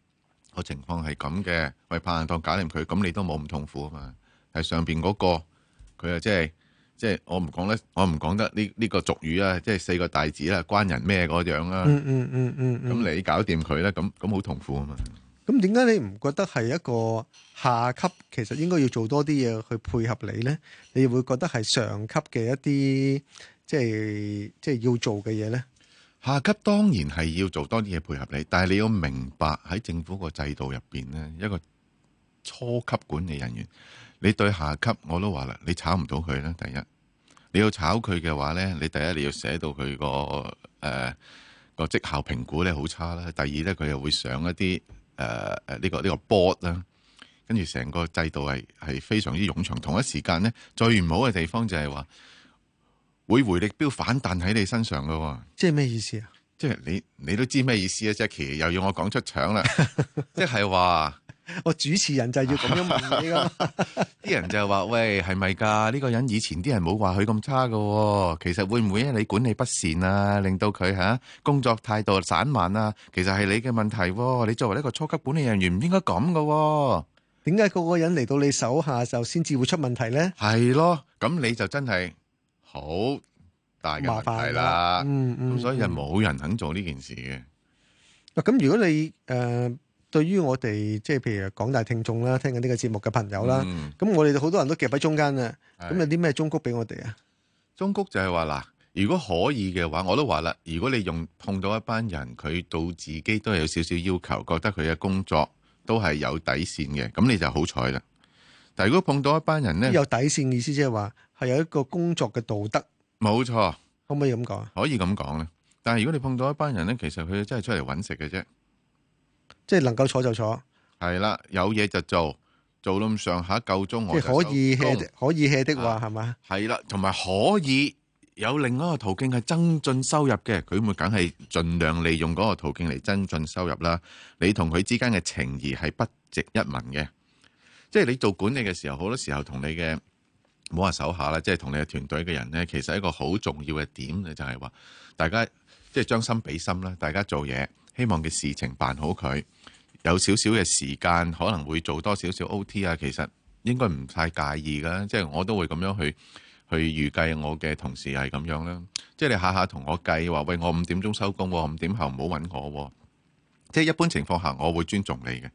個情況係咁嘅，喂，派人當搞掂佢，咁你都冇咁痛苦啊嘛。係上邊嗰個佢啊，即係。即係我唔講咧，我唔講得呢呢個俗語啊，即係四個大字啦，關人咩個樣啦，嗯。嗯嗯嗯嗯。咁、嗯、你搞掂佢咧，咁咁好痛苦啊嘛。咁點解你唔覺得係一個下級，其實應該要做多啲嘢去配合你咧？你會覺得係上級嘅一啲，即係即係要做嘅嘢咧？下級當然係要做多啲嘢配合你，但係你要明白喺政府個制度入邊咧，一個初級管理人員。你對下級，我都話啦，你炒唔到佢啦。第一，你要炒佢嘅話咧，你第一你要寫到佢，呃呢個誒個績效評估咧好差啦。第二咧，佢又會上一啲誒誒呢個呢、呢個 board 啦，跟住成個制度係係非常之冗長。同一時間咧，最唔好嘅地方就係話會回力鏢反彈喺你身上噶。即係咩意思啊？即係你你都知咩意思啊，Jackie 又要我講出場啦，即係話。 我主持人就係要咁樣問你噶，啲人就話：喂，係咪噶？呢個人以前啲人冇話佢咁差噶，其實會唔會你管理不善啊，令到佢吓工作態度散漫啊？其實係你嘅問題，你作為一個初級管理人員唔應該咁噶，點解個個人嚟到你手下就先至會出問題咧？係咯，咁你就真係好大嘅問題啦。嗯嗯，咁所以就冇人肯做呢件事嘅。咁如果你誒。對於我哋即係譬如廣大聽眾啦，聽緊呢個節目嘅朋友啦，咁、嗯、我哋好多人都夾喺中間啊。咁的有啲咩忠告俾我哋啊？忠告就係話嗱，如果可以嘅話，我都話啦，如果你用碰到一班人，佢到自己都有少少要求，覺得佢嘅工作都係有底線嘅，咁你就好彩啦。但如果碰到一班人呢，有底線意思即係話係有一個工作嘅道德。冇錯，可唔可以咁講？可以咁講呢。但係如果你碰到一班人呢，其實佢真係出嚟揾食嘅啫。即係能夠坐就坐，係啦，有嘢就做，做到咁上下夠鐘，啊、夠我即係可以歇，可以歇的話係嘛？係啦，同埋、啊、可以有另一個途徑係增進收入嘅，佢咪梗係盡量利用嗰個途徑嚟增進收入啦。你同佢之間嘅情誼係不值一文嘅，即係你做管理嘅時候，好多時候同你嘅冇話手下啦，即係同你嘅團隊嘅人咧，其實一個好重要嘅點就係、是、話，大家即係將心比心啦，大家做嘢希望嘅事情辦好佢。有少少嘅時間，可能會做多少少 OT 啊，其實應該唔太介意噶，即係我都會咁樣去去預計我嘅同事係咁樣啦。即係你下下同我計話，喂，我五點鐘收工啊，五點後唔好搵我啊。即係一般情況下，我會尊重你嘅。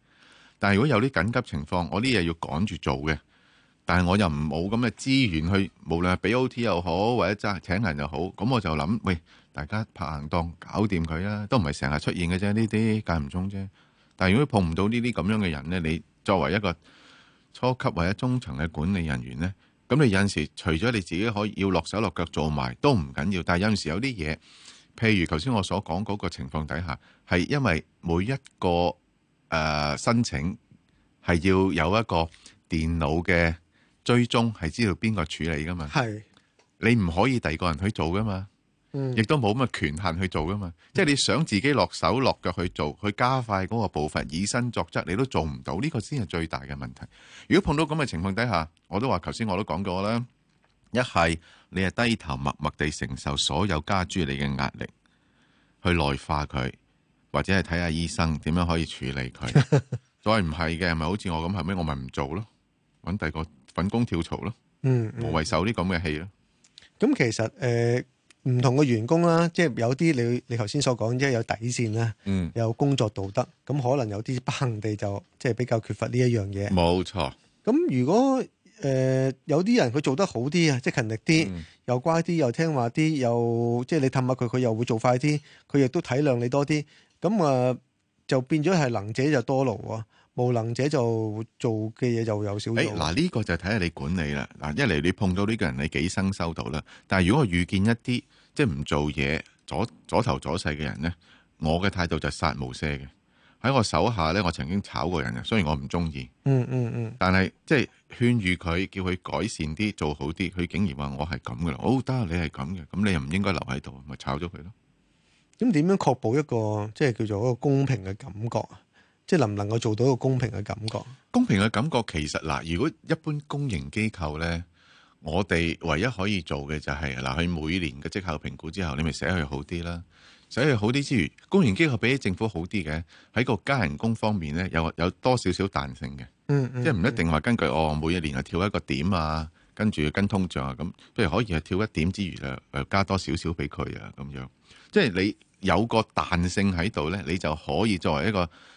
但係如果有啲緊急情況，我啲嘢要趕住做嘅，但係我又唔冇咁嘅資源去，無論係俾 OT 又好，或者真係請人又好，咁我就諗，喂，大家拍硬檔，搞掂佢啦，都唔係成日出現嘅啫，呢啲間唔中啫。但係如果碰唔到呢啲咁樣嘅人呢，你作為一個初級或者中層嘅管理人員呢，咁你有陣時除咗你自己可以要落手落腳做埋都唔緊要，但係有陣時有啲嘢，譬如頭先我所講嗰個情況底下，係因為每一個誒、呃、申請係要有一個電腦嘅追蹤，係知道邊個處理噶嘛，是你唔可以第二個人去做噶嘛。亦都冇乜嘅權限去做噶嘛，即、就、係、是、你想自己落手落腳去做，去加快嗰個步伐，以身作則，你都做唔到，呢、這個先係最大嘅問題。如果碰到咁嘅情況底下，我都話頭先，我都講過啦，一係你係低頭默默地承受所有加諸你嘅壓力，去內化佢，或者係睇下醫生點樣可以處理佢。 再唔係嘅，咪好似我咁？後尾我咪唔做咯，揾第二個份工跳槽咯、嗯，嗯，無謂受呢咁嘅氣咯。咁、嗯嗯、其實誒。呃唔同嘅員工啦，即係有啲你你頭先所講，即係有底線啦，嗯、有工作道德，咁可能有啲不幸地就即係比較缺乏呢一樣嘢。冇錯。咁如果誒、呃、有啲人佢做得好啲啊，即係勤力啲，嗯、又乖啲，又聽話啲，又即係你氹下佢，佢又會做快啲，佢亦都體諒你多啲，咁啊就變咗係能者就多勞喎。無能者就做嘅嘢就有少少。欸。嗱、這、呢個就睇下你管理啦。嗱，一嚟你碰到呢個人你幾生收到啦。但係如果我遇見一啲即係唔做嘢，左左頭左勢嘅人咧，我嘅態度就殺無赦嘅。喺我手下咧，我曾經炒過人嘅，雖然我唔中意。嗯嗯嗯。但係即係勸喻佢，叫佢改善啲，做好啲。佢竟然話我係咁噶啦，好、哦、得你係咁嘅，咁你又唔應該留喺度，咪炒咗佢咯？咁點、嗯、樣確保一個即係叫做一個公平嘅感覺啊？即係能唔能夠做到一個公平嘅感覺？公平嘅感覺，其實嗱，如果一般公營機構咧，我哋唯一可以做嘅就係、是、嗱，佢每年嘅績效評估之後，你咪寫佢好啲啦。寫佢好啲之餘，公營機構比起政府好啲嘅，喺個加人工方面咧，有有多少少彈性嘅，嗯，嗯，嗯、即係唔一定話根據我、哦、每一年係跳一個點啊，跟住跟通脹啊咁，譬如可以係跳一點之餘誒誒加多少少俾佢啊，咁樣即係你有個彈性喺度咧，你就可以作為一個。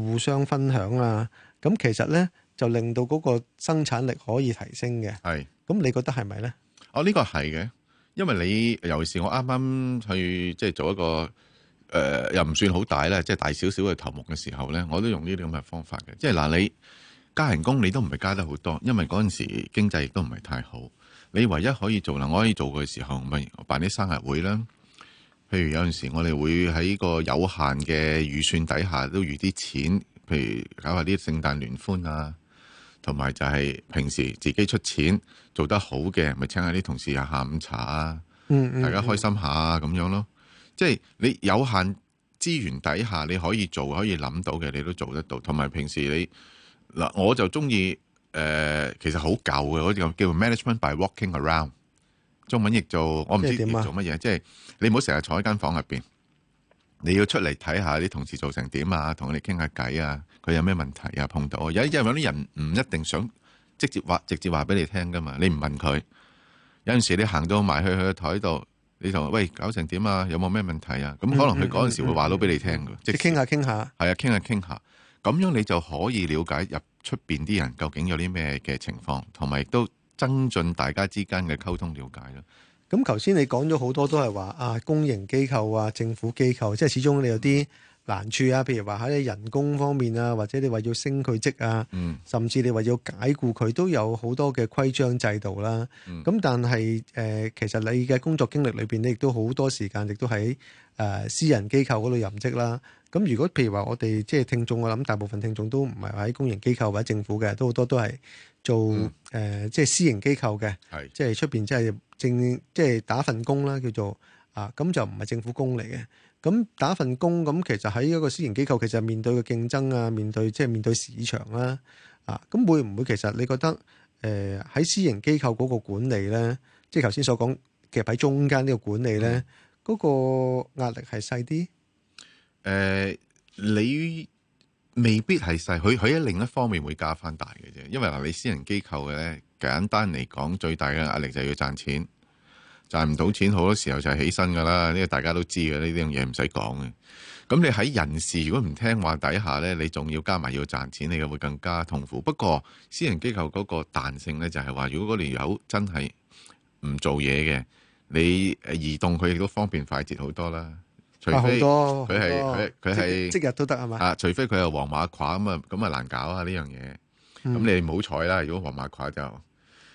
互相分享啊！咁其實呢，就令到嗰個生產力可以提升嘅。係是，咁你覺得係咪呢？哦，呢、這個係嘅，因為你尤其是我啱啱去即係做一個誒、呃，又唔算好大啦，即係大少少嘅頭目嘅時候呢，我都用呢啲咁嘅方法嘅。即係嗱、呃，你加人工你都唔係加得好多，因為嗰陣時經濟亦都唔係太好。你唯一可以做啦，我可以做嘅時候咪我辦啲生日會啦。譬如有陣時，我哋會喺個有限嘅預算底下都預啲錢，譬如搞下啲聖誕聯歡啊，同埋就係平時自己出錢做得好嘅，咪請下啲同事飲下午茶啊，嗯嗯嗯，大家開心下咁樣咯。即係你有限資源底下，你可以做，可以諗到嘅，你都做得到。同埋平時你嗱，我就中意誒，其實好舊嘅嗰啲叫 management by walking around。中文亦做，我唔知做乜嘢，即係、啊、你唔好成日坐喺間房入邊，你要出嚟睇下啲同事做成點啊，同佢哋傾下偈啊，佢有咩問題啊碰到，有因為有啲人唔一定想直接話直接話俾你聽噶嘛，你唔問佢，有陣時你行到埋去佢個台度，你就喂，搞成點啊，有冇咩問題啊？咁可能佢嗰陣時會話到俾你聽噶，即係傾下傾下，係啊，傾下傾下，咁樣你就可以了解入出邊啲人究竟有啲咩嘅情況，同埋亦都。增進大家之間嘅溝通了解咯。咁頭先你講咗好多都係話啊，公營機構啊、政府機構，即係始終你有啲難處啊。譬如話喺你人工方面啊，或者你話要升佢職啊，嗯、甚至你話要解僱佢，都有好多嘅規章制度啦。咁、嗯、但係誒、呃，其實你嘅工作經歷裏邊咧，亦都好多時間，亦都喺誒私人機構嗰度任職啦。咁如果譬如話我哋即係聽眾，我諗大部分聽眾都唔係喺公營機構或者政府嘅，都好多都係。做誒即係私營機構嘅，嗯、即係出邊即係政即係打份工啦，叫做啊，咁就唔係政府工嚟嘅。咁打份工咁，其實喺一個私營機構，其實面對嘅競爭啊，面對即係、即係、面對市場啦、啊，啊，咁會唔會其實你覺得誒喺、呃、私營機構嗰個管理咧，即係頭先所講其實喺中間呢個管理咧，嗰、嗯、個壓力係細啲？誒、呃，你？未必係細，佢喺另一方面會加翻大嘅啫。因為嗱，你私人機構嘅咧，簡單嚟講，最大嘅壓力就係要賺錢，賺唔到錢好多時候就係起身噶啦。呢個大家都知嘅，呢啲嘢唔使講嘅。咁你喺人事如果唔聽話底下咧，你仲要加埋要賺錢，你就會更加痛苦。不過私人機構嗰個彈性咧，就係話如果條友真係唔做嘢嘅，你移動佢亦都方便快捷好多啦。除非佢係佢係即日都得啊嘛？啊，除非佢係黃馬褂咁啊，咁啊難搞啊呢樣嘢。咁、嗯、你唔好彩啦，如果黃馬褂就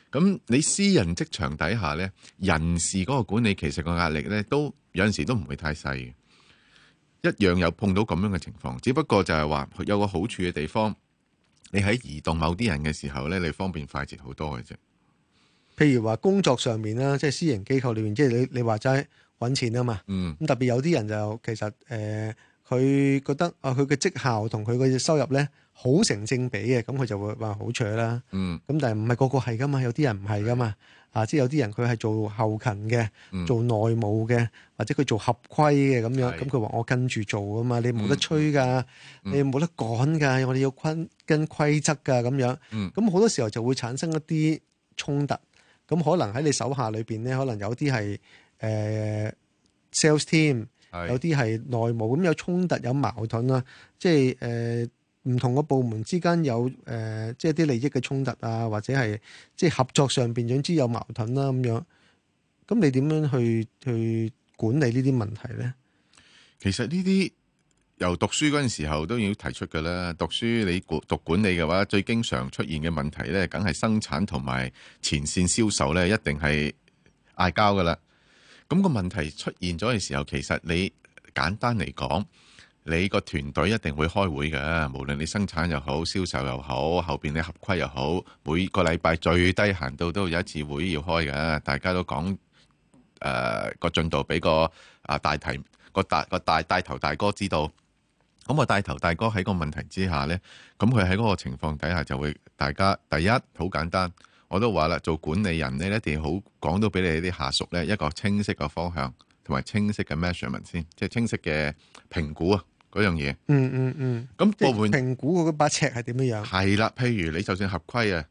咁。你私人職場底下咧，人事嗰個管理，其實個壓力咧都有陣時都唔會太細。一樣有碰到咁樣嘅情況，只不過就係話有個好處嘅地方，你喺移動某啲人嘅時候咧，你方便快捷好多嘅啫。譬如話工作上面啦，即係私人機構裏面，即係你你話齋。揾錢啊嘛，咁、嗯、特別有啲人就其實誒，佢、欸、覺得啊，佢嘅績效同佢嘅收入咧好成正比嘅，咁佢就會話好彩啦。咁、嗯、但係唔係個個係噶嘛？有啲人唔係噶嘛。嗯、啊，即係有啲人佢係做後勤嘅，嗯、做內務嘅，或者佢做合規嘅咁、嗯、樣。咁佢話我跟住做啊嘛，你冇得吹噶，你冇得趕噶，我哋要跟規則噶咁樣。咁好、嗯嗯、多時候就會產生一啲衝突。咁可能喺你手下裏邊咧，可能，可能，呃、可能有啲係。誒、呃、sales team 是有啲係內務，咁有衝突有矛盾啦，即係誒唔同個部門之間有誒、呃、即係啲利益嘅衝突啊，或者係即係合作上邊，總之有矛盾啦咁樣，咁你點樣去去管理呢啲問題咧？其實呢啲由讀書嗰陣時候都要提出噶啦。讀書你讀，讀管理嘅話，最經常出現嘅問題咧，梗係生產同埋前線銷售咧，一定係嗌交噶啦。咁個問題出現咗嘅時候，其實你簡單嚟講，你個團隊一定會開會嘅。無論你生產又好，銷售又好，後邊你合規又好，每個禮拜最低限度都有一次會要開嘅。大家都講誒、呃、個進度，俾個啊大提個大個大帶頭大哥知道。咁啊，帶頭大哥喺個問題之下呢，咁佢喺嗰個情況底下就會大家第一好簡單。我都話啦，做管理人咧，你一定要好講到俾你啲下屬咧一個清晰嘅方向，同埋清晰嘅 measurement 先，即係清晰嘅評估啊嗰樣嘢、嗯。嗯嗯嗯。咁部門評估嗰把尺係點樣樣？係啦，譬如你就算合規啊，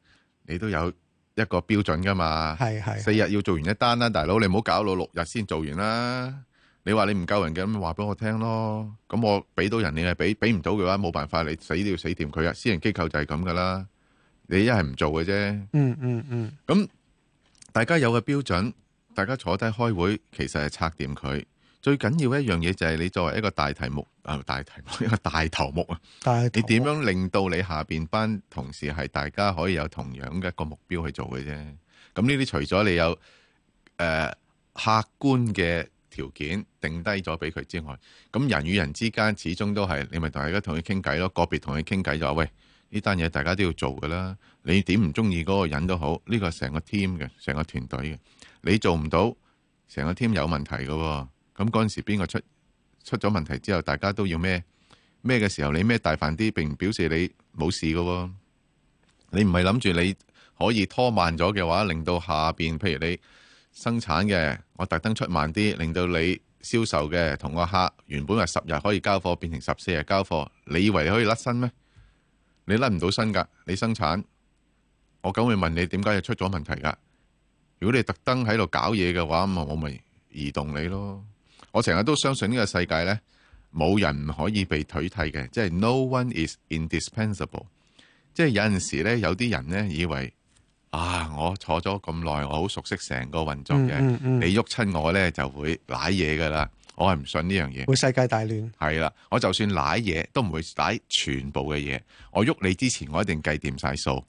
你都有一個標準噶嘛。係係。四日要做完一單啦，大佬你唔好搞到六日先做完啦。你話你唔夠人嘅，咁話俾我聽咯。咁我俾到人你係俾，俾唔到嘅話冇辦法，你死都要死掂佢啊！私人機構就係咁噶啦。你一係唔做嘅啫、嗯，嗯嗯嗯，咁大家有個標準，大家坐低開會，其實係拆掂佢。最緊要一樣嘢就係你作為一個大題目啊、呃，大題目一個大頭目啊，目你點樣令到你下邊班同事係大家可以有同樣嘅一個目標去做嘅啫？咁呢啲除咗你有誒、呃、客觀嘅條件定低咗俾佢之外，咁、嗯、人與人之間始終都係你咪同大家同佢傾偈咯，個別同佢傾偈就喂。呢單嘢大家都要做㗎啦。你點唔中意嗰個人都好，呢、這個係成個 team 嘅，成個團隊嘅。你做唔到，成個 team 有問題嘅、哦。咁嗰陣時邊個出出咗問題之後，大家都要咩咩嘅時候，你咩大犯啲，並唔表示你冇事嘅喎、哦。你唔係諗住你可以拖慢咗嘅話，令到下邊譬如你生產嘅，我特登出慢啲，令到你銷售嘅同個客原本話十日可以交貨，變成十四日交貨，你以為你可以甩身咩？你甩唔到身噶，你生產，我梗會問你點解又出咗問題噶？如果你特登喺度搞嘢嘅話，咁我咪移動你咯。我成日都相信呢個世界咧，冇人唔可以被取代嘅，即係 no one is indispensable。即係有陣時咧，有啲人咧以為啊，我坐咗咁耐，我好熟悉成個運作嘅，你喐親我咧就會賴嘢噶啦。我係唔信呢樣嘢，會世界大亂係啦。我就算舐嘢，都唔會舐全部嘅嘢。我喐你之前，我一定計掂晒數，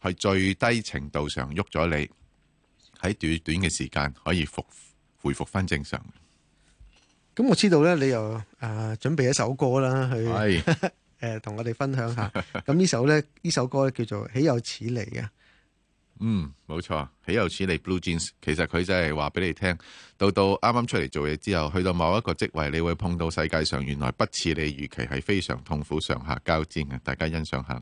喺最低程度上喐咗你，喺短短嘅時間可以復回復翻正常。咁、嗯、我知道咧，你又啊、呃、準備一首歌啦，去誒同是、 呃、我哋分享下。咁呢首咧，呢首歌咧叫做《豈有此理》嘅。嗯，冇錯，豈有此理 Blue Jeans，其實佢真係話俾你聽到到啱啱出嚟做嘢之後，去到某一個職位，你會碰到世界上原來不似你預期係非常痛苦上下交戰嘅，大家欣賞下。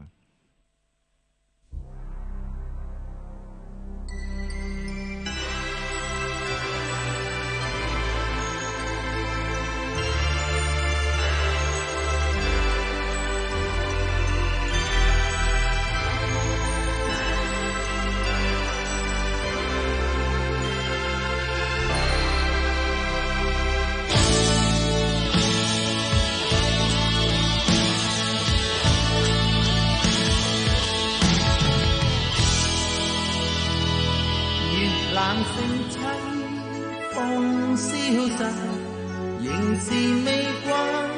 淒風蕭瑟，仍是未慣。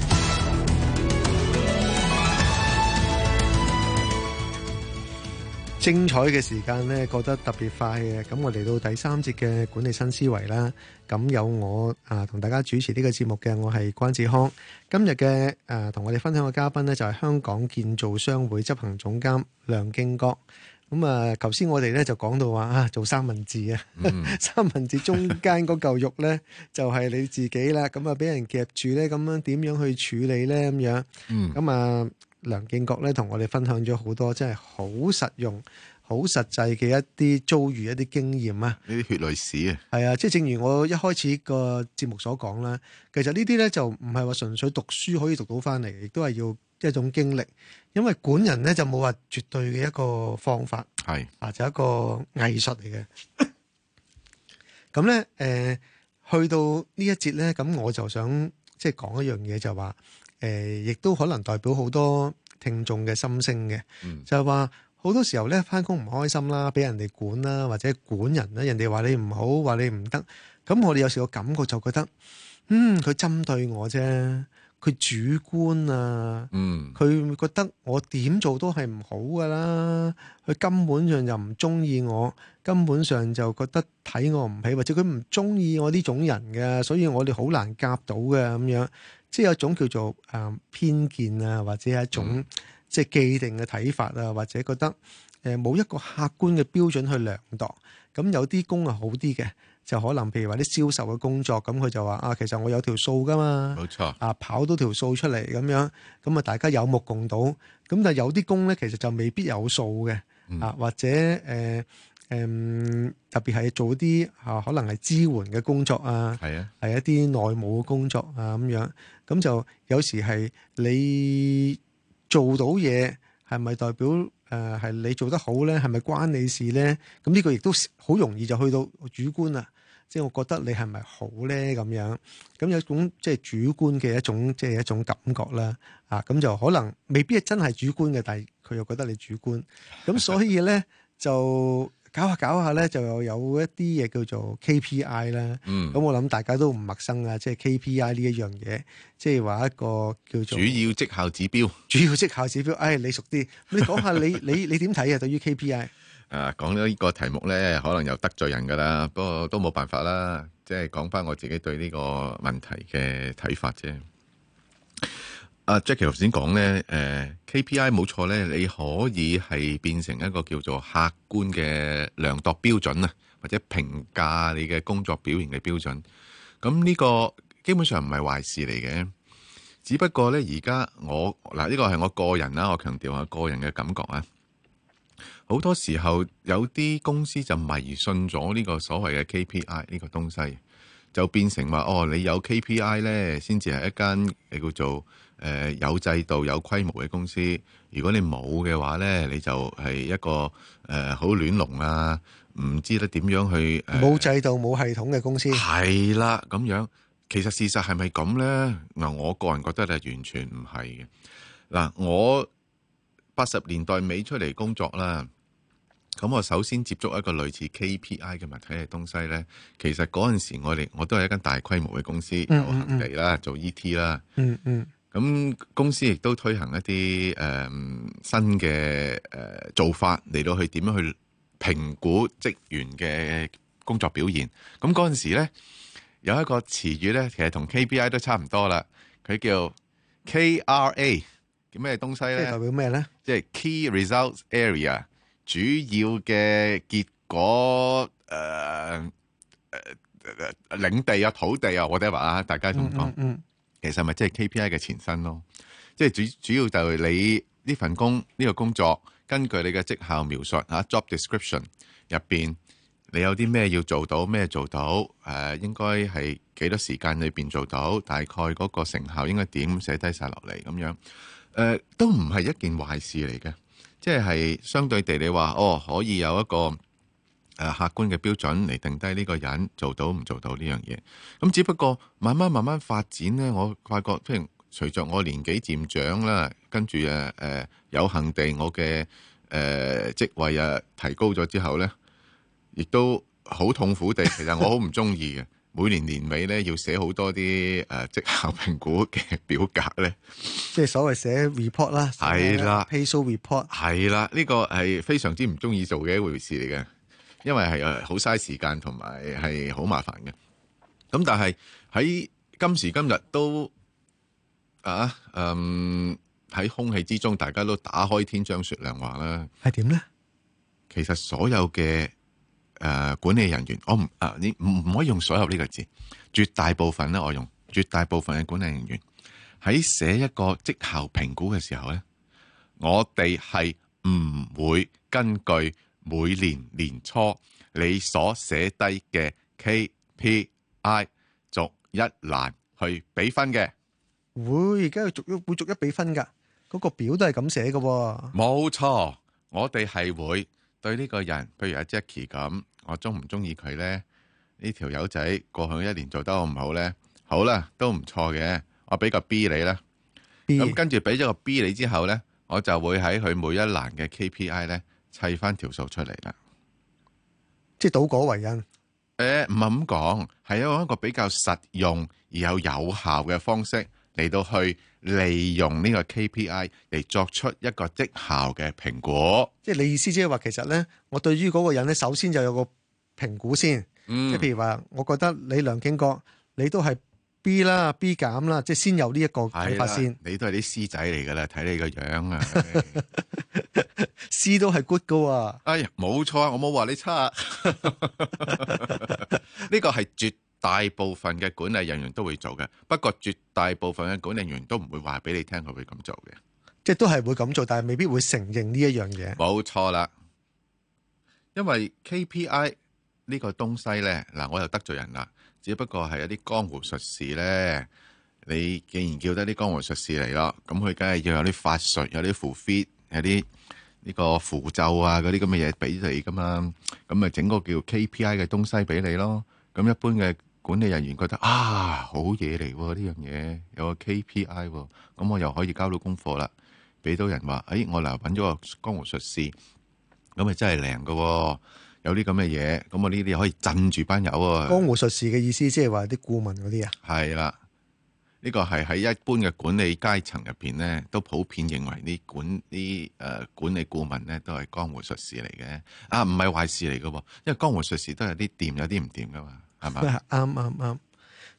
精彩嘅時間咧，過得特別快嘅。咁我嚟到第三節嘅管理新思維啦。咁有我啊，同大家主持呢個節目嘅，我係關志康。今日嘅誒，同我哋分享嘅嘉賓咧，就係香港建造商會執行總監梁敬國。咁啊，頭先我哋咧就講到話啊，做三文治啊，三文治中間嗰嚿肉咧就係你自己啦。咁啊，俾人夾住咧，咁樣點樣去處理咧？咁樣，嗯，咁啊。梁敬國咧，同我哋分享咗好多，真係好實用、好實際嘅一啲遭遇、一啲經驗啊！呢啲血淚史啊，係啊！即係正如我一開始個節目所講啦，其實呢啲咧就唔係話純粹讀書可以讀到返嚟，亦都係要一種經歷，因為管人咧就冇話絕對嘅一個方法，係啊是，就係一個藝術嚟嘅。咁 咧，誒、呃，去到呢一節咧，咁我就想即係講一樣嘢，就是，就話。誒，亦都可能代表好多聽眾嘅心聲嘅，就係話好多時候咧，返工唔開心啦，俾人哋管啦，或者管人啦，人哋話你唔好，話你唔得，咁我哋有時個感覺就覺得，嗯，佢針對我啫，佢主觀啊，嗯，佢覺得我點做都係唔好㗎啦，佢根本上就唔中意我，根本上就覺得睇我唔起，或者佢唔中意我呢種人嘅，所以我哋好難夾到嘅咁樣。即係有一種叫做誒偏見啊，或者係一種即係既定嘅睇法啊，或者覺得誒冇一個客觀嘅標準去量度。咁有啲工係好啲嘅，就可能譬如話啲銷售嘅工作，咁佢就話啊，其實我有條數㗎嘛，冇錯啊，跑到條數出嚟咁樣，咁啊大家有目共睹。咁但係有啲工咧，其實就未必有數嘅啊，或者誒誒，特別係做啲啊可能係支援嘅工作啊，係啊，係一啲內務嘅工作啊咁樣。咁就有時係你做到嘢係咪代表誒係、呃、你做得好咧？係咪關你事咧？咁呢個亦都好容易就去到主觀啦。即係我覺得你係咪好咧？咁樣咁有種一種即係主觀嘅一種即係一種感覺啦。啊，咁就可能未必係真係主觀嘅，但係佢又覺得你主觀。咁所以咧 就。搞下搞下咧，就有一啲嘢叫做 KPI 啦、嗯。咁我諗大家都唔陌生啊，即係 KPI 呢一樣嘢，即係話一個叫做主要績效指標。主要績效指標，唉、哎，你熟啲？你講下你 你你點睇啊？對於 KPI，啊，講咗呢個題目咧，可能又得罪人噶啦，不過都冇辦法啦。即係講翻我自己對呢個問題嘅睇法啫。Jackie 頭先講咧，誒 KPI 冇錯咧，你可以係變成一個叫做客觀嘅量度標準啊，或者評價你嘅工作表現嘅標準。咁、這、呢個基本上唔係壞事嚟嘅，只不過咧而家我嗱呢、這個係我個人啦，我強調下個人嘅感覺啊。好多時候有啲公司就迷信咗呢個所謂嘅 KPI 呢個東西，就變成話哦，你有 KPI 咧，先至係一間誒叫做。誒，有制度有規模嘅公司，如果你冇嘅話咧，你就係一個誒好亂龍啊，唔、呃、知得點樣去冇、呃、制度冇系統嘅公司係啦，咁樣其實事實係咪咁咧？嗱，我個人覺得咧，完全唔係嘅。嗱，我八十年代尾出嚟工作啦，咁我首先接觸一個類似 KPI 嘅物體嘅東西咧，其實嗰陣時我哋我都係一間大規模嘅公司，有行地啦，做 E T 啦，嗯做 ET，嗯。嗯。咁公司亦都推行一啲誒、呃、新嘅誒、呃、做法嚟到去點樣去評估職員嘅工作表現。咁嗰陣時咧，有一個詞語咧，其實同 KPI 都差唔多啦。佢叫 KRA 叫咩東西咧？代表咩咧？即係 Key Results Area，主要嘅結果誒誒領地啊土地啊，我哋話啊，大家同唔同。其實咪即係 KPI 嘅前身咯，即係主主要就係你呢份工呢、呢個工作，根據你嘅績效描述吓、啊、job description 入邊，你有啲咩要做到，咩做到誒、呃，應該係幾多時間裏邊做到，大概嗰個成效應該點寫低晒落嚟咁樣誒、呃，都唔係一件壞事嚟嘅，即係相對地你，你話哦可以有一個。誒，客觀嘅標準嚟定低呢個人做到唔做到呢樣嘢？咁只不過慢慢慢慢發展咧，我發覺，譬如隨着我年紀漸長啦，跟住誒誒，有幸地我嘅誒職位啊提高咗之後咧，亦都好痛苦地。其實我好唔中意嘅， 每年年尾咧要寫好多啲誒績效評估嘅表格咧，即係所謂寫 report 啦，係啦 payroll report，係啦，呢個係非常之唔中意做嘅一回事嚟嘅。因為係誒好嘥時間，同埋係好麻煩嘅。咁但係喺今時今日都啊，嗯喺空氣之中，大家都打開天窗說亮話啦。係點咧？其實所有嘅誒、呃、管理人員，我唔誒，你唔唔可以用所有呢個字，絕大部分咧我用，絕大部分嘅管理人員喺寫一個績效評估嘅時候咧，我哋係唔會根據，每年年初，你所寫低嘅 KPI 逐一欄去俾分嘅。會而家要逐一會逐一俾分噶，嗰個表都係咁寫嘅。冇錯，我哋係會對呢個人，譬如阿 Jackie 咁，我中唔中意佢咧？呢條友仔過去一年做得好唔好咧？好啦，都唔錯嘅，我俾個 B 你啦。咁跟住俾咗個 B 你之後咧，我就會喺佢每一欄嘅 KPI 咧。砌翻條數出嚟啦，即係倒果為因。誒、欸，唔係咁講，係有一個比較實用而又有效嘅方式嚟到去利用呢個 KPI 嚟作出一個績效嘅評估。即係你意思即係話，其實咧，我對於嗰個人咧，首先就有個評估先。嗯、即係譬如話，我覺得你梁敬國，你都係。B 啦，B 減啦，即係先有呢一個睇法先。你都係啲 C 仔嚟噶啦，睇你個樣啊、哎、 ！C 都係 good 噶喎。哎呀，冇錯啊，哎、錯我冇話你差。啊。呢 個係絕大部分嘅管理人員都會做嘅，不過絕大部分嘅管理人員都唔會話俾你聽佢會咁做嘅。即係都係會咁做，但係未必會承認呢一樣嘢。冇錯啦，因為 KPI 呢個東西咧，嗱我又得罪人啦。只不過係有啲江湖術士咧，你既然叫得啲江湖術士嚟咯，咁佢梗係要有啲法術，有啲符 fit，有啲呢個符咒啊，嗰啲咁嘅嘢俾你噶嘛，咁咪整個叫 KPI 嘅東西俾你咯。咁一般嘅管理人員覺得啊，好嘢嚟喎，呢樣嘢有個 KPI 喎、啊，咁我又可以交到功課啦，俾到人話，誒、欸、我嗱揾咗個江湖術士，咁咪真係靈噶喎、啊。有啲咁嘅嘢，咁啊呢啲可以鎮住班友啊！江湖術士嘅意思，即係話啲顧問嗰啲啊，係啦，呢個係喺一般嘅管理階層入邊咧，都普遍認為呢管呢誒、呃、管理顧問咧都係江湖術士嚟嘅啊，唔係壞事嚟噶，因為江湖術士都有啲掂，有啲唔掂噶嘛，係咪？啱啱啱，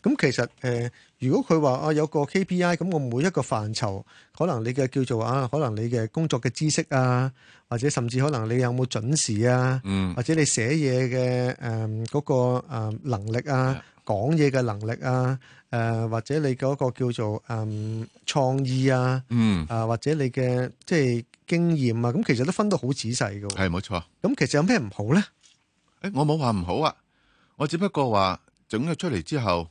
咁其實誒。呃如果佢話啊有個 KPI，咁我每一個範疇，可能你嘅叫做啊，可能你嘅工作嘅知識啊，或者甚至可能你有冇準時啊，或者你寫嘢嘅誒嗰個啊能力啊，講嘢嘅能力啊，誒或者你嗰個叫做誒創意啊，啊或者你嘅即係經驗啊，咁其實都分得好仔細㗎。係冇錯。咁其實有咩唔好咧？誒我冇話唔好啊，我只不過話整咗出嚟之後。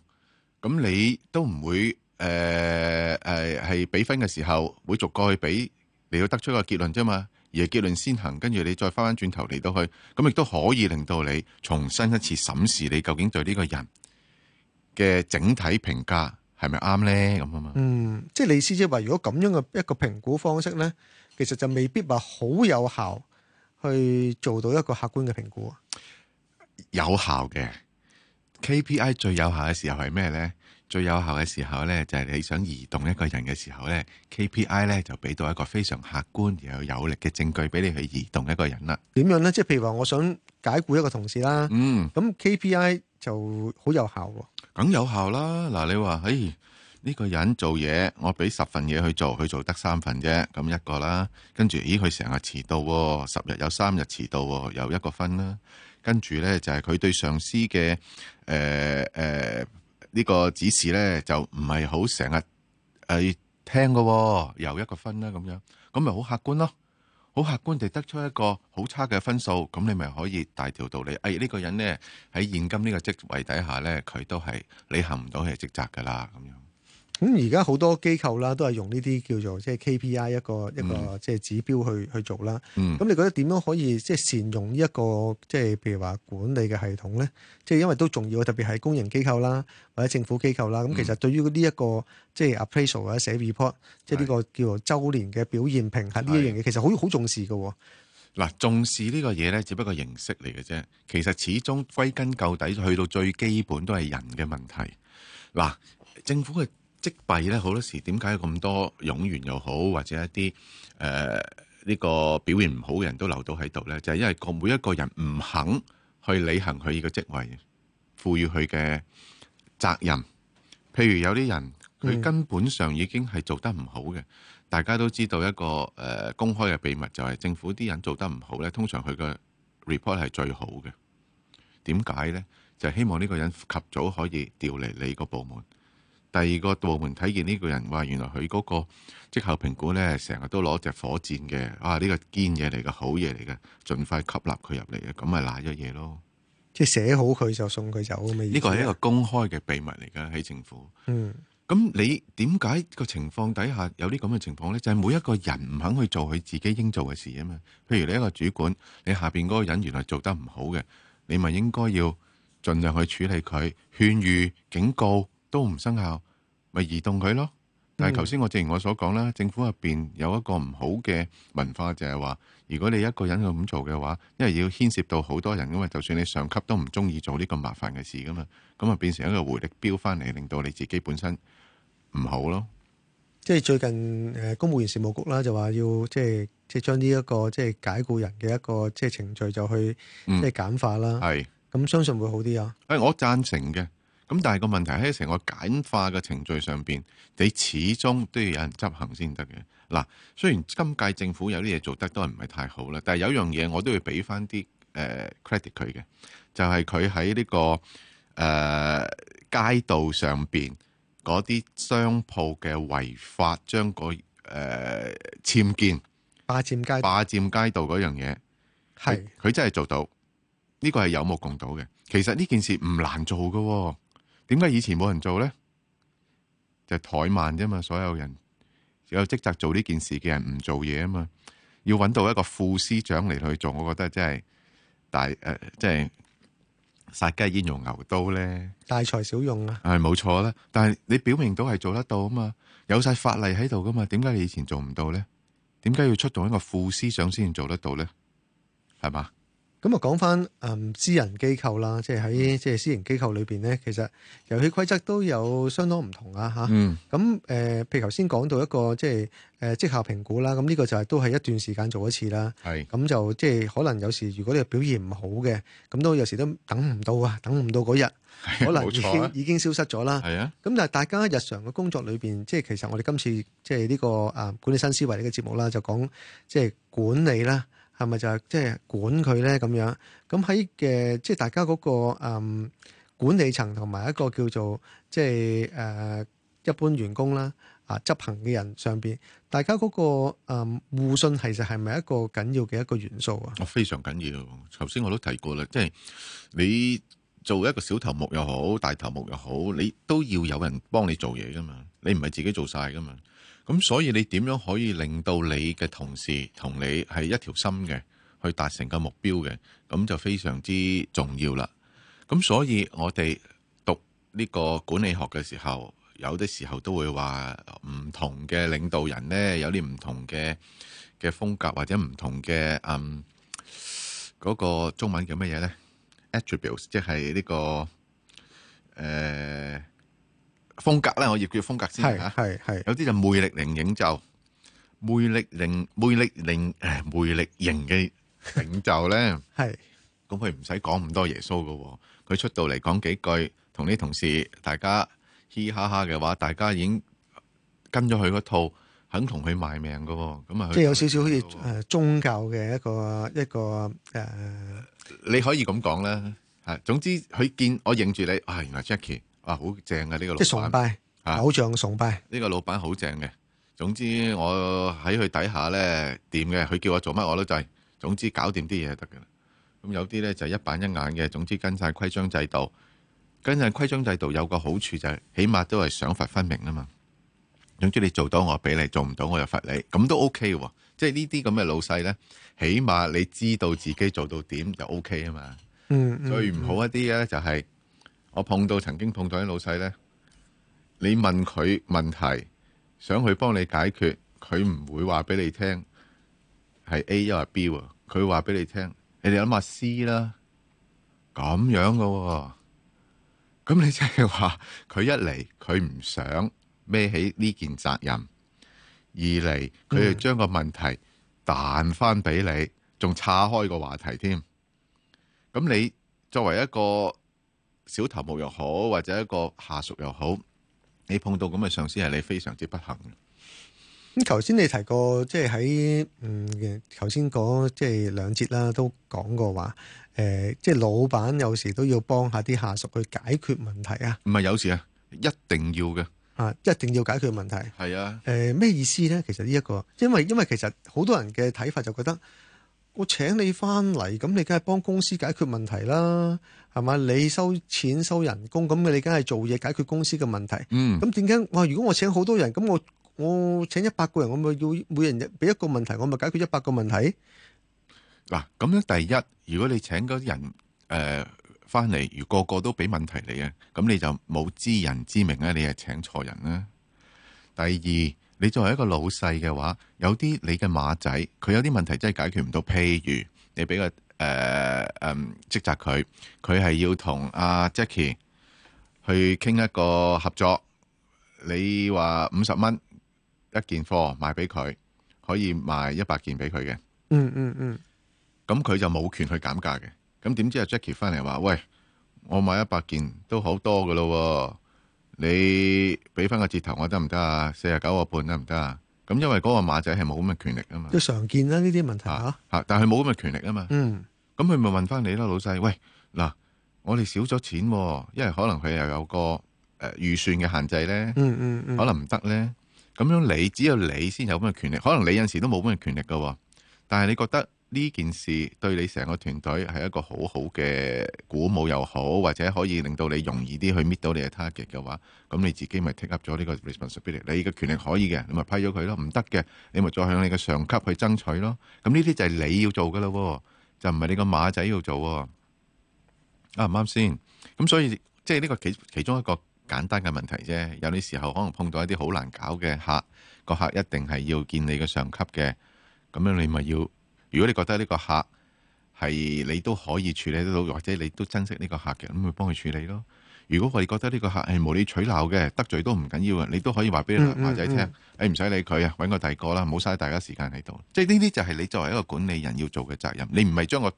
咁你都唔會誒誒係畀分嘅時候，會逐個去畀你要得出個結論啫嘛，而係結論先行，跟住你再返返轉頭嚟到去，咁亦都可以令到你重新一次審視你究竟對呢個人嘅整體評價係咪啱咧？咁啊嘛，嗯，即係你意思即係話，如果咁樣嘅一個評估方式咧，其實就未必話好有效去做到一個客觀嘅評估啊，有效嘅。KPI 最有效嘅時候係咩呢？最有效嘅時候呢，就係、是、你想移動一個人嘅時候呢。KPI 呢，就俾到一個非常客觀而又有力嘅證據俾你去移動一個人啦。點樣呢？即係譬如話，我想解雇一個同事啦。嗯，咁 KPI 就好有效喎。梗有效啦。嗱，你、哎、話，誒、這、呢個人做嘢，我俾十份嘢去做，佢做得三份啫，咁一個啦。跟住，咦，佢成日，日遲到，十日有三日遲到，又一個分啦。跟住咧就係佢對上司嘅誒誒呢個指示咧就唔係好成日誒聽嘅，哦，又一個分啦咁樣，咁咪好客觀咯，好客觀地得出一個好差嘅分數，咁你咪可以大條道理，誒呢個人咧喺現今呢個職位底下咧，佢都係履行唔到佢嘅職責噶啦，咁樣。咁而家好多機構啦，都係用呢啲叫做即係 KPI 一個一個即係指標去去做啦。咁、嗯、你覺得點樣可以即係善用呢一個即係譬如話管理嘅系統咧？即係因為都重要，特別係公營機構啦，或者政府機構啦。咁、嗯、其實對於呢一個即係 appraisal 或者寫 report，即係呢是個叫做周年嘅表現評核呢一樣嘢，其實好好重視嘅。嗱，重視呢個嘢咧，只不過形式嚟嘅啫。其實始終歸根究底去到最基本都係人嘅問題。嗱，政府嘅。職弊咧，好多時點解有咁多冗員又好，或者一啲誒呢個表現唔好嘅人都留到喺度呢？就係因為個每一個人唔肯去履行佢呢個職位，賦予佢嘅責任。譬如有啲人佢根本上已經係做得唔好嘅，嗯、大家都知道一個誒、呃、公開嘅秘密就係政府啲人做得唔好呢，通常佢嘅 report 係最好嘅。點解呢？就希望呢個人及早可以調離你個部門。第二個部門睇見呢個人，話，原來佢嗰個績效評估呢，成日都攞隻火箭嘅。哇、啊！呢個堅嘢嚟嘅，好嘢嚟嘅，盡快吸納佢入嚟嘅，咁咪賴咗嘢咯。即係寫好佢就送佢走。呢個係一個公開嘅秘密嚟噶，喺政府。嗯。咁你點解個情況底下有啲咁嘅情況呢？就係、是、每一個人唔肯去做佢自己應做嘅事啊嘛。譬如你一個主管，你下邊嗰個人原來做得唔好嘅，你咪應該要盡量去處理佢，勸喻、警告。都唔生效，咪移動佢咯。但係頭先我正如我所講啦，嗯、政府入邊有一個唔好嘅文化就，就係話如果你一個人去咁做嘅話，因為要牽涉到好多人，因為就算你上級都唔中意做呢個麻煩嘅事噶嘛，咁啊變成一個回力鏢翻嚟，令到你自己本身唔好咯。即係最近誒公務員事務局啦，就話要即係即係將呢一個即係解雇人嘅一個即係程序就去即係簡化啦。係咁、嗯、相信會好啲啊。誒、哎，我贊成嘅。咁但係個問題喺成個簡化嘅程序上邊，你始終都要有人執行先得嘅。嗱，雖然今屆政府有啲嘢做得都係唔係太好啦，但係有樣嘢我都要俾翻啲誒 credit 佢嘅，就係佢喺呢個誒、呃、街道上邊嗰啲商鋪嘅違法將個誒僭建霸占街霸占街道嗰樣嘢，係佢是真係做到呢、呢個係有目共睹嘅。其實呢件事唔難做噶、哦。點解以前冇人做咧？就怠慢啫嘛！所有人有職責做呢件事嘅人唔做嘢啊嘛，要揾到一個副司長嚟去做，我覺得真係大誒，即係殺雞焉用牛刀咧！大材小用啊！係冇、嗯、錯啦，但係你表明到係做得到啊嘛，有晒法例喺度噶嘛？點解你以前做唔到咧？點解要出動一個副司長先做得到咧？係嘛？咁啊，講翻誒私人機構啦，即係喺即係私人機構裏邊咧，其實遊戲規則都有相當唔同啊！嚇，咁誒，譬如頭先講到一個即係誒績效評估啦，咁呢個就係都係一段時間做一次啦。係，咁就即係可能有時，如果你表現唔好嘅，咁都有時都等唔到啊，等唔到嗰日，可能已經已經消失咗啦。係啊，咁但係大家日常嘅工作裏邊，即係其實我哋今次即係呢個誒管理新思維呢個節目啦，就講即係管理啦。係咪就係即係管佢咧咁樣？咁喺嘅即係大家嗰、嗰個、呃、管理層同埋一個叫做即係誒一般員工啦啊、呃、執行嘅人上邊，大家嗰、嗰個、呃、互信其實係咪一個緊要嘅一個元素啊？我非常緊要。頭先我都提過啦，即係你做一個小頭目又好，大頭目又好，你都要有人幫你做嘢噶嘛？你唔係自己做晒噶嘛？咁所以你點樣可以令到你嘅同事同你係一條心嘅，去達成個目標嘅？咁就非常之重要啦。咁所以我哋讀呢個管理學嘅時候，有啲時候都會話唔同嘅領導人呢，有啲唔同嘅嘅風格或者唔同嘅嗯嗰個中文叫乜嘢呢？Attributes，即係呢個誒。風格咧，我亦叫風格先嚇。係係有啲就魅力型領袖，魅力型，魅力型誒魅力型嘅領袖咧。係咁佢唔使講咁多耶穌噶，佢出到嚟講幾句，同啲同事大家嘻嘻哈哈嘅話，大家已經跟咗佢嗰套，肯同佢賣命噶。咁啊，即係有少少好似誒宗教嘅一個一個誒。你可以咁講啦，嚇。總之佢見我認住你，啊，原來 Jackie。好正嘅呢個老闆，即崇拜吓，是偶像崇拜。呢個老闆好正嘅，總之我喺佢底下咧掂嘅，佢叫我做乜我都制、就是。總之搞掂啲嘢就得嘅，咁有啲咧就是、一板一眼嘅。總之跟晒規章制度，跟晒規章制度有個好處就係、是、起碼都係賞罰分明啊嘛。總之你做到我俾你，做唔到我又罰你，咁都 OK 嘅、哦。即係呢啲咁嘅老細咧，起碼你知道自己做到點就 OK 啊嘛嗯。嗯，最唔好一啲咧就係、是。嗯我碰到曾經碰到啲老細咧，你問佢問題，想去幫你解決，佢唔會話俾你聽，係 A 又係 B 喎，佢話俾你聽，你哋諗下 C 啦，咁樣嘅喎、哦，咁你即係話佢一嚟佢唔想孭起呢件責任，二嚟佢就將個問題彈翻俾你，仲岔開個話題添，咁你作為一個。小頭目又好，或者一個下屬又好，你碰到咁嘅上司係你非常之不幸。咁頭先你提過，即係喺嗯頭先講即係兩節啦，都講過話，誒即係老闆有時都要幫下啲下屬去解決問題啊。唔係有時啊，一定要嘅啊，一定要解決問題。係啊，誒咩、呃、意思咧？其實呢、這、一個，因為因為其實好多人嘅睇法就覺得。我請你翻嚟，咁你梗係幫公司解決問題啦，係嘛？你收錢收人工，咁你梗係做嘢解決公司嘅問題。咁點解？哇！如果我請好多人，咁我我請一百個人，我咪要每人日俾一個問題，我咪解決一百個問題？嗱、嗯，咁樣第一，如果你請嗰啲人誒翻嚟，如果個個都俾問題你啊，咁你就冇知人之明啊！你係請錯人啦。第二。你作為一個老細嘅話，有啲你嘅馬仔，佢有啲問題真係解決唔到。譬如你俾個誒嗯職責佢，佢係要同阿 Jackie 去傾一個合作。你話五十蚊一件貨賣俾佢，可以賣一百件俾佢嘅。嗯嗯嗯。咁佢就冇權去減價嘅。咁點知阿 Jackie 翻嚟話，喂，我買一百件都好多㗎咯、哦。你俾翻個折頭我得唔得啊？四廿九個半得唔得啊？咁因為嗰個馬仔係冇咁嘅權力啊嘛，即係常見啦呢啲問題嚇、啊。嚇、啊，但係冇咁嘅權力啊嘛。嗯，咁佢咪問翻你咯，老細。喂，嗱，我哋少咗錢、啊，因為可能佢又有個誒預算嘅限制咧、嗯。嗯嗯可能唔得咧。咁樣你只有你先有咁嘅權力，可能你有時都冇咁嘅權力噶、啊。但係你覺得，呢件事對你成個團隊係一個好好嘅鼓舞又好，或者可以令到你容易啲去 meet 到你嘅 target 嘅話咁，你自己咪 take up 咗呢個 responsibility。你嘅權力可以嘅，你咪批咗佢咯。唔得嘅，你咪再向你嘅上級去爭取咯。咁呢啲就係你要做噶啦，就唔係你個馬仔要做，啱唔啱先咁，啊，所以即係呢個其其中一個簡單嘅問題啫。有啲時候可能碰到一啲好難搞嘅客，個客一定係要見你嘅上級嘅。咁樣你咪要。如果你覺得呢個客係你都可以處理得到，或者你都珍惜呢個客嘅，咁咪幫佢處理咯。如果我哋覺得呢個客係無理取鬧嘅，得罪都唔緊要嘅，你都可以話俾男仔聽，誒唔使理佢啊，揾個第二個啦，唔好嘥大家時間喺度。即係呢啲就係、是、你作為一個管理人要做嘅責任。你唔係將個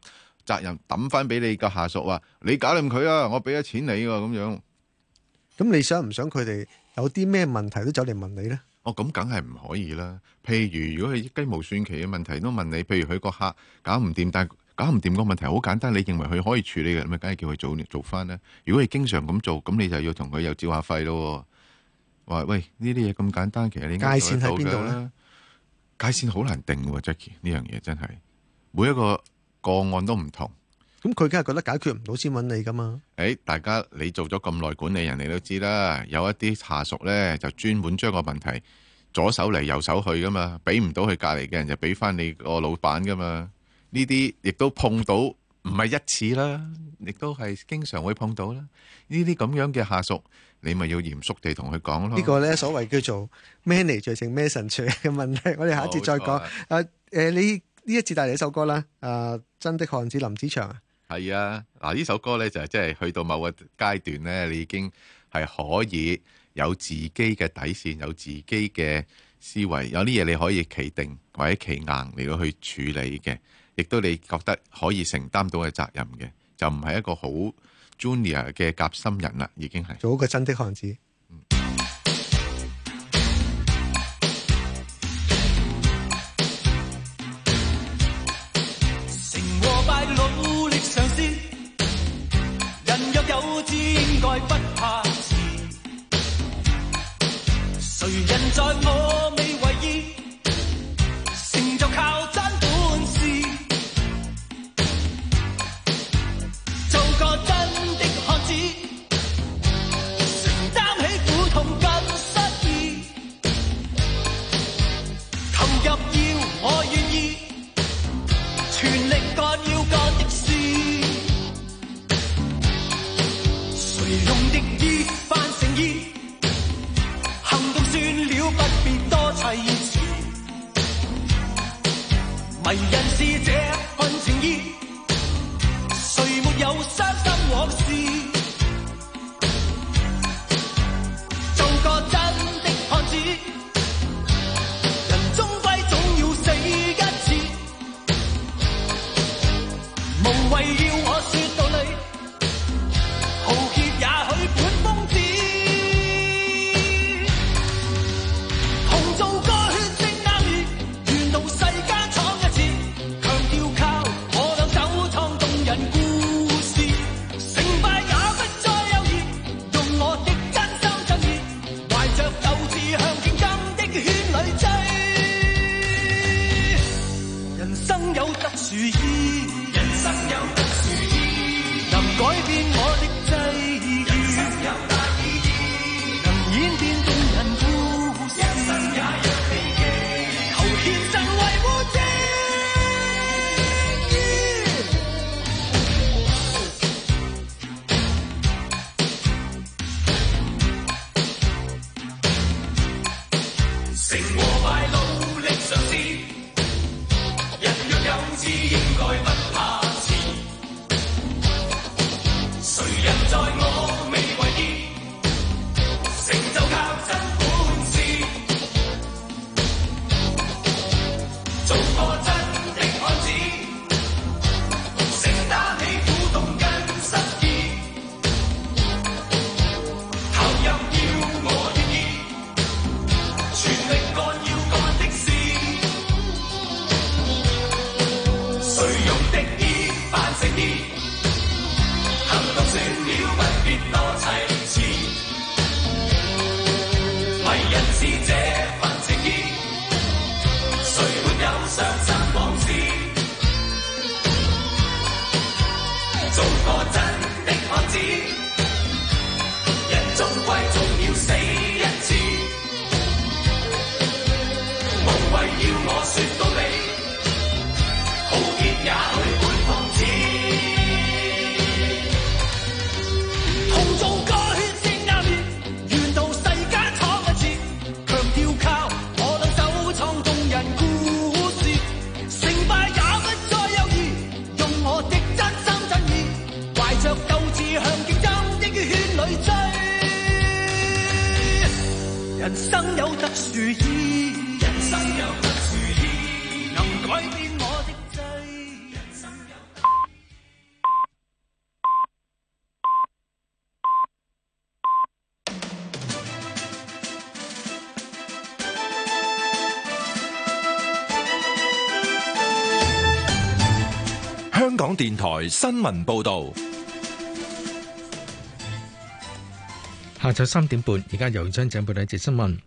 責任揼翻俾你個下屬話，你搞掂佢啊，我俾咗錢你喎咁樣。咁你想唔想佢哋有啲咩問題都走嚟問你呢？哦，咁梗係唔可以啦。譬如如果佢雞毛蒜皮嘅問題都問你，譬如佢個客搞唔掂，但係搞唔掂個問題好簡單，你認為佢可以處理嘅，咁梗係叫佢做做翻咧。如果你經常咁做，咁你就要同佢又照下肺咯。話喂，呢啲嘢咁簡單，其實你應該知道㗎。界線喺邊度咧？界線好難定喎，Jackie 呢樣嘢真係每一個個案都唔同。咁佢梗係覺得解決唔到先揾你噶嘛。誒，大家你做咗咁耐管理人，你都知啦。有一啲下屬咧，就專門將個問題左手嚟右手去噶嘛，俾唔到佢隔離嘅人就俾翻你個老闆噶嘛。呢啲亦都碰到唔係一次啦，亦都係經常會碰到啦。呢啲咁樣嘅下屬，你咪要嚴肅地同佢講咯。呢個咧所謂叫做 manager 成 mission 處嘅問題，我哋下一節再講。誒誒，你呢一次帶嚟一首歌啦。誒，真的漢子林子祥啊。係啊，嗱呢首歌呢，就係即係去到某個階段呢，你已經係可以有自己嘅底線，有自己嘅思維，有啲嘢你可以企定或者企硬嚟到去處理嘅，亦都你覺得可以承擔到嘅責任嘅，就唔係一個好 junior 嘅夾心人啦，已經係做個真的漢子。電台新聞報道，下晝三點半，而家由張政報道一節新聞。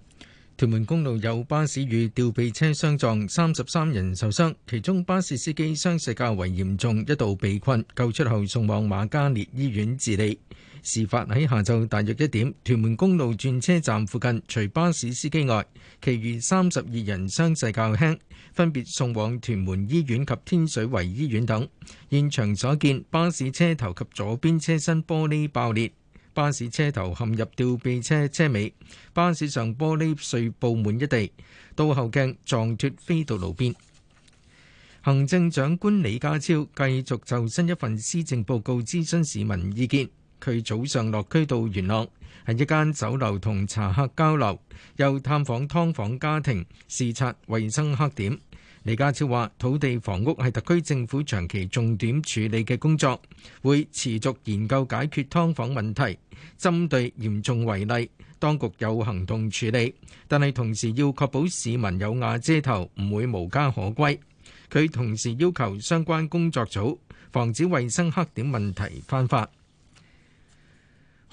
屯門公路有巴士與吊臂車相撞，三十三人受傷，其中巴士司機傷勢較為嚴重，一度被困，救出後送往馬嘉烈醫院治理。事發喺下晝大約一點，屯門公路轉車站附近，除巴士司機外，其餘三十二人傷勢較輕，分別送往屯門醫院及天水圍醫院等。現場所見，巴士車頭及左邊車身玻璃爆裂，巴士車頭陷入吊臂車車尾，巴士上玻璃碎布滿一地，倒後鏡撞脱飛到路邊。行政長官李家超繼續就新一份施政報告諮詢市民意見。佢早上落區到元朗，喺一間酒樓同茶客交流，又探訪劏房家庭，視察衛生黑點。李家超話土地房屋係特區政府長期重點處理嘅工作，會持續研究解決劏房問題，針對嚴重違例，當局有行動處理，但係同時要確保市民有瓦遮頭唔會無家可歸，佢同時要求相關工作組防止衛生黑點問題翻發。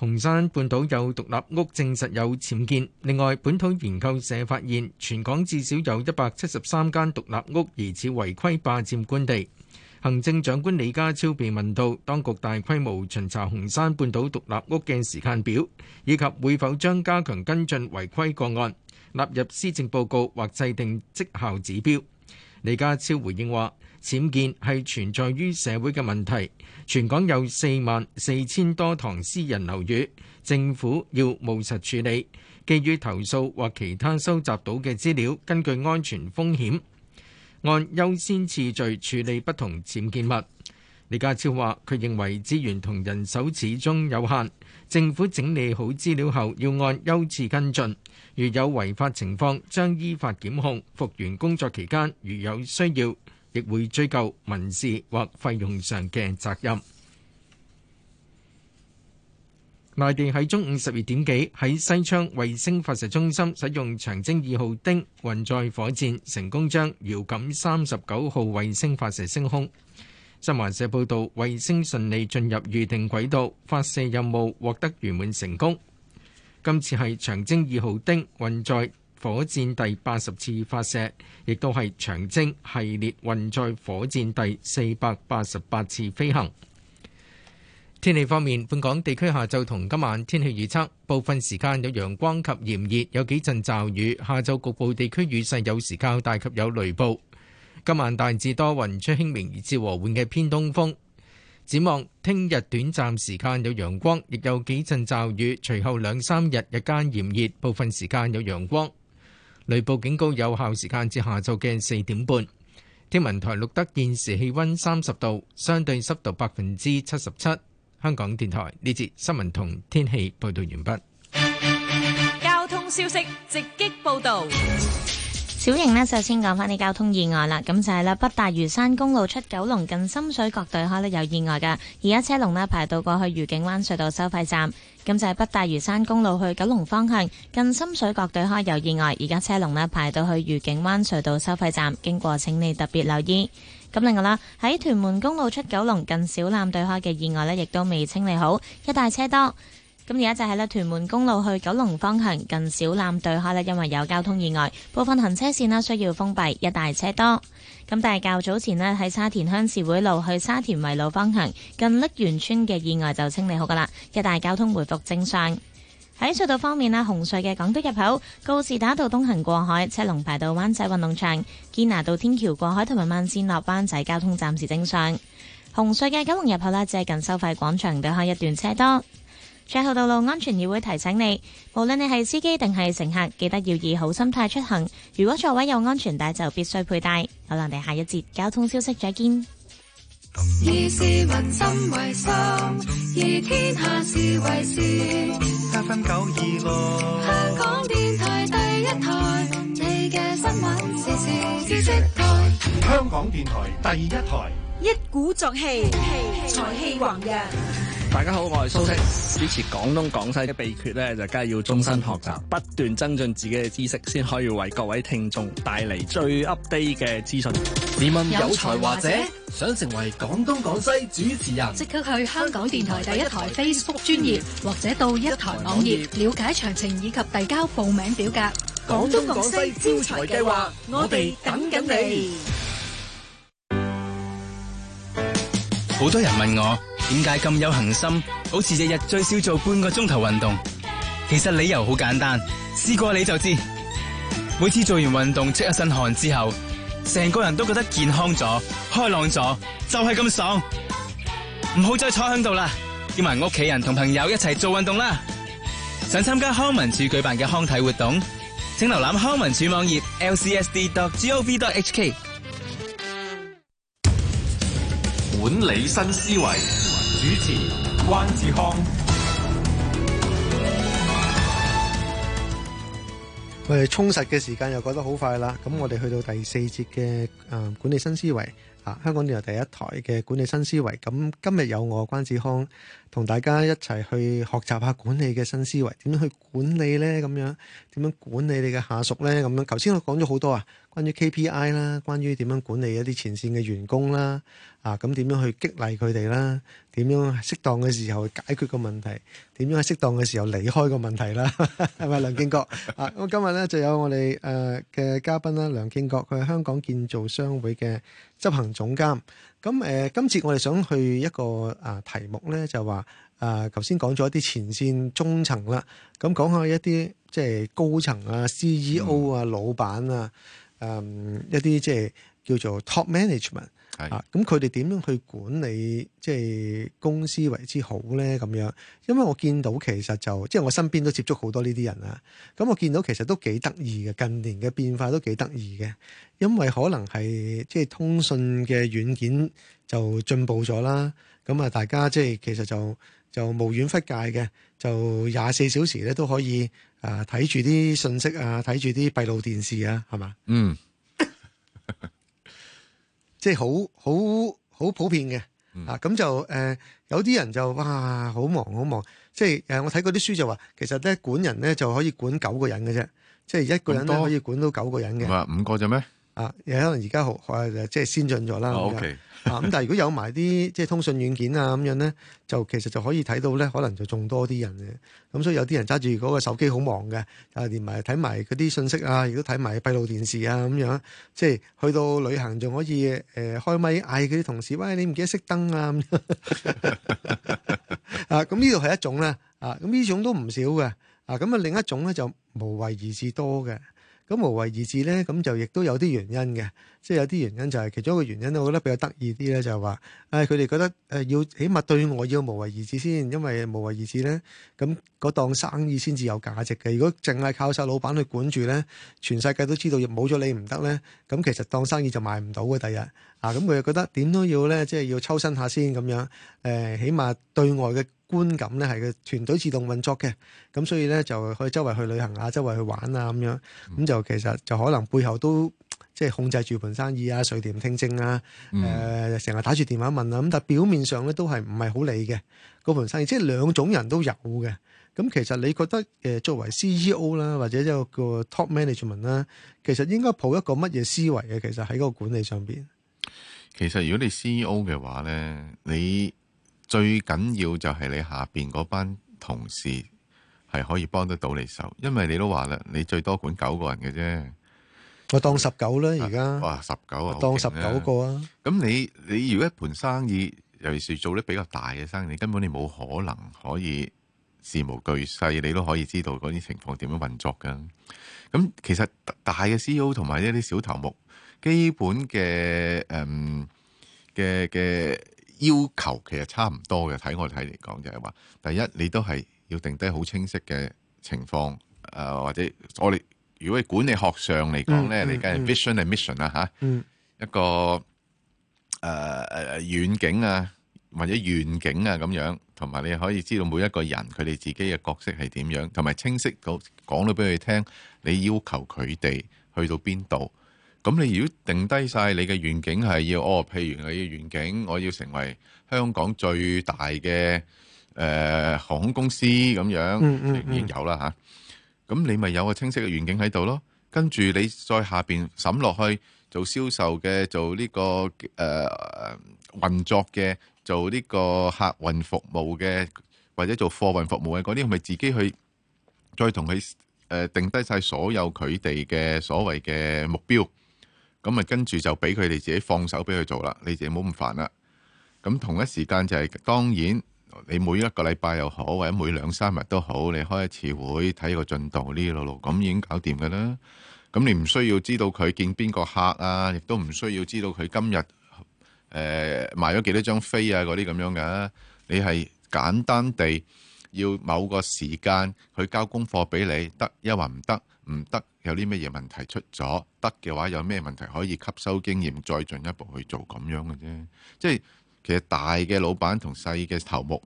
紅山半島有獨立屋證實有僭建，另外本土研究社發現全港至少有一百七十三間獨立屋疑似違規霸佔官地。行政長官李家超被問到當局大規模巡查紅山半島獨立屋嘅時間表，以及會否將加強跟進違規個案納入施政報告或制定績效指標。李家超回應話：僭建係存在於社會嘅問題。全港有四萬四千多幢私人樓宇，政府要務實處理，基於投訴或其他收集到嘅資料，根據安全風險，按優先次序處理不同僭建物。李家超話：佢認為資源同人手始終有限，政府整理好資料後，要按優次跟進。如有違法情況，將依法檢控。復原工作期間，如有需要。亦會追究民事或費用上嘅責任。內地喺中午十二點幾喺西昌衛星發射中心使用長征二號丁運載火箭，成功將遙感三十九號衛星發射升空。新華社報道，衛星順利進入預定軌道，發射任務獲得圓滿成功。今次係長征二號丁運載火箭第八十次發射，亦都係長征系列運載火箭第四百八十八次飛行。天氣方面，本港地區下晝同今晚天氣預測，部分時間有陽光及炎熱，有幾陣驟雨。下晝局部地區雨勢有時較大，及有雷暴。今晚大致多雲，吹輕微至和緩嘅偏東風。展望聽日短暫時間有陽光，亦有幾陣驟雨，隨後兩三日日間炎熱，部分時間有陽光。雷暴警告有效時間至下晝嘅四點半。天文台錄得現時氣溫三十度，相對濕度百分之七十七。香港電台呢節新聞同天氣報道完畢。交通消息直擊報道。小瑩呢，首先講返啲交通意外啦。咁就係咧，北大嶼山公路出九龍近深水角對開咧有意外㗎，而家車龍咧排到過去愉景灣隧道收費站。咁就係北大嶼山公路去九龍方向，近深水角對開有意外，而家車龍呢排到去愉景灣隧道收費站，經過請你特別留意。咁另外啦，喺屯門公路出九龍近小欖對開嘅意外呢，亦都未清理好，一帶車多。咁而家就喺咧屯門公路去九龍方向近小欖對開咧，因為有交通意外，部分行車線啦需要封閉，一大車多。咁但係較早前咧喺沙田鄉事會路去沙田圍路方向近瀝源村嘅意外就清理好噶啦，一大交通回復正常。喺隧道方面啊，紅隧嘅港督入口、告士打道東行過海、車龍排到灣仔運動場、堅拿道天橋過海同埋慢線落灣仔，交通暫時正常。紅隧嘅九龍入口啦，接近收費廣場對開一段車多。最後道路安全議會提醒你，無論你係司機定係乘客，記得要以好心態出行。如果座位有安全帶，就必須佩戴。我哋下一節交通消息再見。以市民心為心，以天下事為事。香港電台第一台，你嘅新聞時事知識台。香港電台第一台，一鼓作氣，氣氣才氣旺日。大家好，我係蘇軾，主持廣東廣西嘅秘訣咧，就梗係要終身學習，不斷增進自己嘅知識，先可以為各位聽眾帶嚟最 update 嘅資訊。試問有才華者想成為廣東廣西主持人，即刻去香港電台第一台 Facebook 專頁，或者到一台網頁了解詳情以及遞交報名表格。廣東廣西招才計劃，我哋等緊你。好多人問我點解咁有恒心，好似日日最少做半個鐘頭運動。其實理由好簡單，試過你就知。每次做完運動，出一身汗之後，成個人都覺得健康咗、開朗咗，就係咁爽。唔好再坐響度啦，叫埋屋企人同朋友一齊做運動啦。想參加康文署舉辦嘅康體活動，請瀏覽康文署網頁，lcsd.gov.hk。LC 管理新思維，主持關志康。喂，充實嘅時間又過得好快啦！咁我哋去到第四節嘅，誒，管理新思維啊，香港電台第一台嘅管理新思維。咁今日有我關志康同大家一齊去學習下管理嘅新思維，點樣去管理呢？咁樣點樣管理你嘅下屬呢？咁樣，頭先我講咗好多啊，關於 KPI 啦，關於點樣管理一啲前線嘅員工啦。啊，咁點樣去激勵佢哋啦？點樣適當嘅時候去解決個問題？點樣喺適當嘅時候離開個問題啦？係咪梁敬國啊？咁今日咧就有我哋誒嘅嘉賓啦，梁敬國佢係香港建造商會嘅執行總監。咁誒，今次我哋想去一個啊題目咧，就話啊，頭先講咗一啲前線中層啦，咁講下一啲即係高層啊、CEO 啊、老闆啊，嗯，一啲即係叫做 top management。啊！咁佢哋點樣去管理即係公司為之好咧？咁樣，因為我見到其實就即係我身邊都接觸好多呢啲人啊。咁我見到其實都幾得意嘅，近年嘅變化都幾得意嘅。因為可能係即係通訊嘅軟件就進步咗啦。咁啊，大家即係其實就就無遠弗屆嘅，就廿四小時咧都可以啊睇住啲信息啊，睇住啲閉路電視啊，係嘛？嗯。即係好好好普遍嘅嚇，咁、嗯啊、就誒、呃、有啲人就哇好忙好忙，即係誒我睇過啲書就話，其實咧管人咧就可以管九個人嘅啫，即係一個人都可以管到九個人嘅。唔係五個啫咩、啊？啊，有可能而家好，誒即係先進咗啦。啊所以啊！咁但係如果有埋啲即係通訊軟件啊咁樣咧，就其實就可以睇到咧，可能就仲多啲人嘅。咁所以有啲人揸住嗰個手機好忙嘅，啊連埋睇埋嗰啲信息啊，亦都睇埋閉路電視啊咁樣。即係去到旅行仲可以誒開咪嗌佢啲同事，喂你唔記得熄燈啊！咁樣。啊咁呢度係一種咧，啊咁呢種都唔少嘅。啊咁啊，另一種咧就無為而治多嘅。咁無為而治咧，咁就亦都有啲原因嘅，即係有啲原因就係其中一個原因我覺得比較得意啲咧，就係話，誒佢哋覺得誒要起碼對外要無為而治先，因為無為而治咧，咁嗰檔生意先至有價值嘅。如果淨係靠晒老闆去管住咧，全世界都知道冇咗你唔得咧，咁其實當生意就賣唔到嘅第日啊。咁佢又覺得點都要咧，即係要抽身下先咁樣，誒起碼對外嘅。觀感咧係個團隊自動運作嘅，咁所以咧就可以周圍去旅行啊，周圍去玩啊咁樣，咁就其實就可能背後都即係控制住盤生意啊，水電聽證啊，誒成日打住電話問啊，咁但表面上咧都係唔係好理嘅嗰盤生意，即係兩種人都有嘅。咁其實你覺得誒作為 CEO 啦，或者一個 top management 啦，其實應該抱一個乜嘢思維嘅？其實喺嗰個管理上邊，其實如果你 CEO 嘅話咧，你。最緊要就係你下邊嗰班同事係可以幫得到你手，因為你都話啦，你最多管九個人嘅啫。我當十九啦，而家哇，十九啊，當十九個啊。咁你你如果一盤生意，尤其是做得比較大嘅生意，根本你冇可能可以事無巨細，你都可以知道嗰啲情況點樣運作噶。咁其實大嘅 CEO 同埋一啲小頭目，基本嘅誒嘅嘅。嗯要求其實差唔多嘅。睇我睇嚟講就係話，第一你都係要定低好清晰嘅情況，誒、呃、或者我哋如果係管理學上嚟講咧，mm hmm. 你梗係 vision and mission 啦、啊、吓，一個誒誒、呃、遠景啊或者願景啊咁樣，同埋你可以知道每一個人佢哋自己嘅角色係點樣，同埋清晰到講到俾佢聽，你要求佢哋去到邊度。咁你如果定低曬你嘅願景係要哦，譬如你嘅願景，我要成為香港最大嘅誒航空公司咁樣，明年有啦嚇。咁你咪有個清晰嘅願景喺度咯。跟住你再下邊審落去做銷售嘅，做呢個誒運作嘅，做呢個客運服務嘅，或者做貨運服務嘅嗰啲，係咪自己去再同佢誒定低曬所有佢哋嘅所謂嘅目標。咁咪跟住就俾佢哋自己放手俾佢做啦，你自己唔好咁煩啦。咁同一時間就係、是、當然，你每一個禮拜又好，或者每兩三日都好，你開一次會睇個進度呢？路路咁已經搞掂㗎啦。咁你唔需要知道佢見邊個客啊，亦都唔需要知道佢今日誒、呃、賣咗幾多張飛啊嗰啲咁樣㗎。你係簡單地要某個時間去交功課俾你，得抑或唔得？唔得，有啲咩嘢問題出咗？得嘅話，有咩問題可以吸收經驗，再進一步去做咁樣嘅啫。即係其實大嘅老闆同細嘅頭目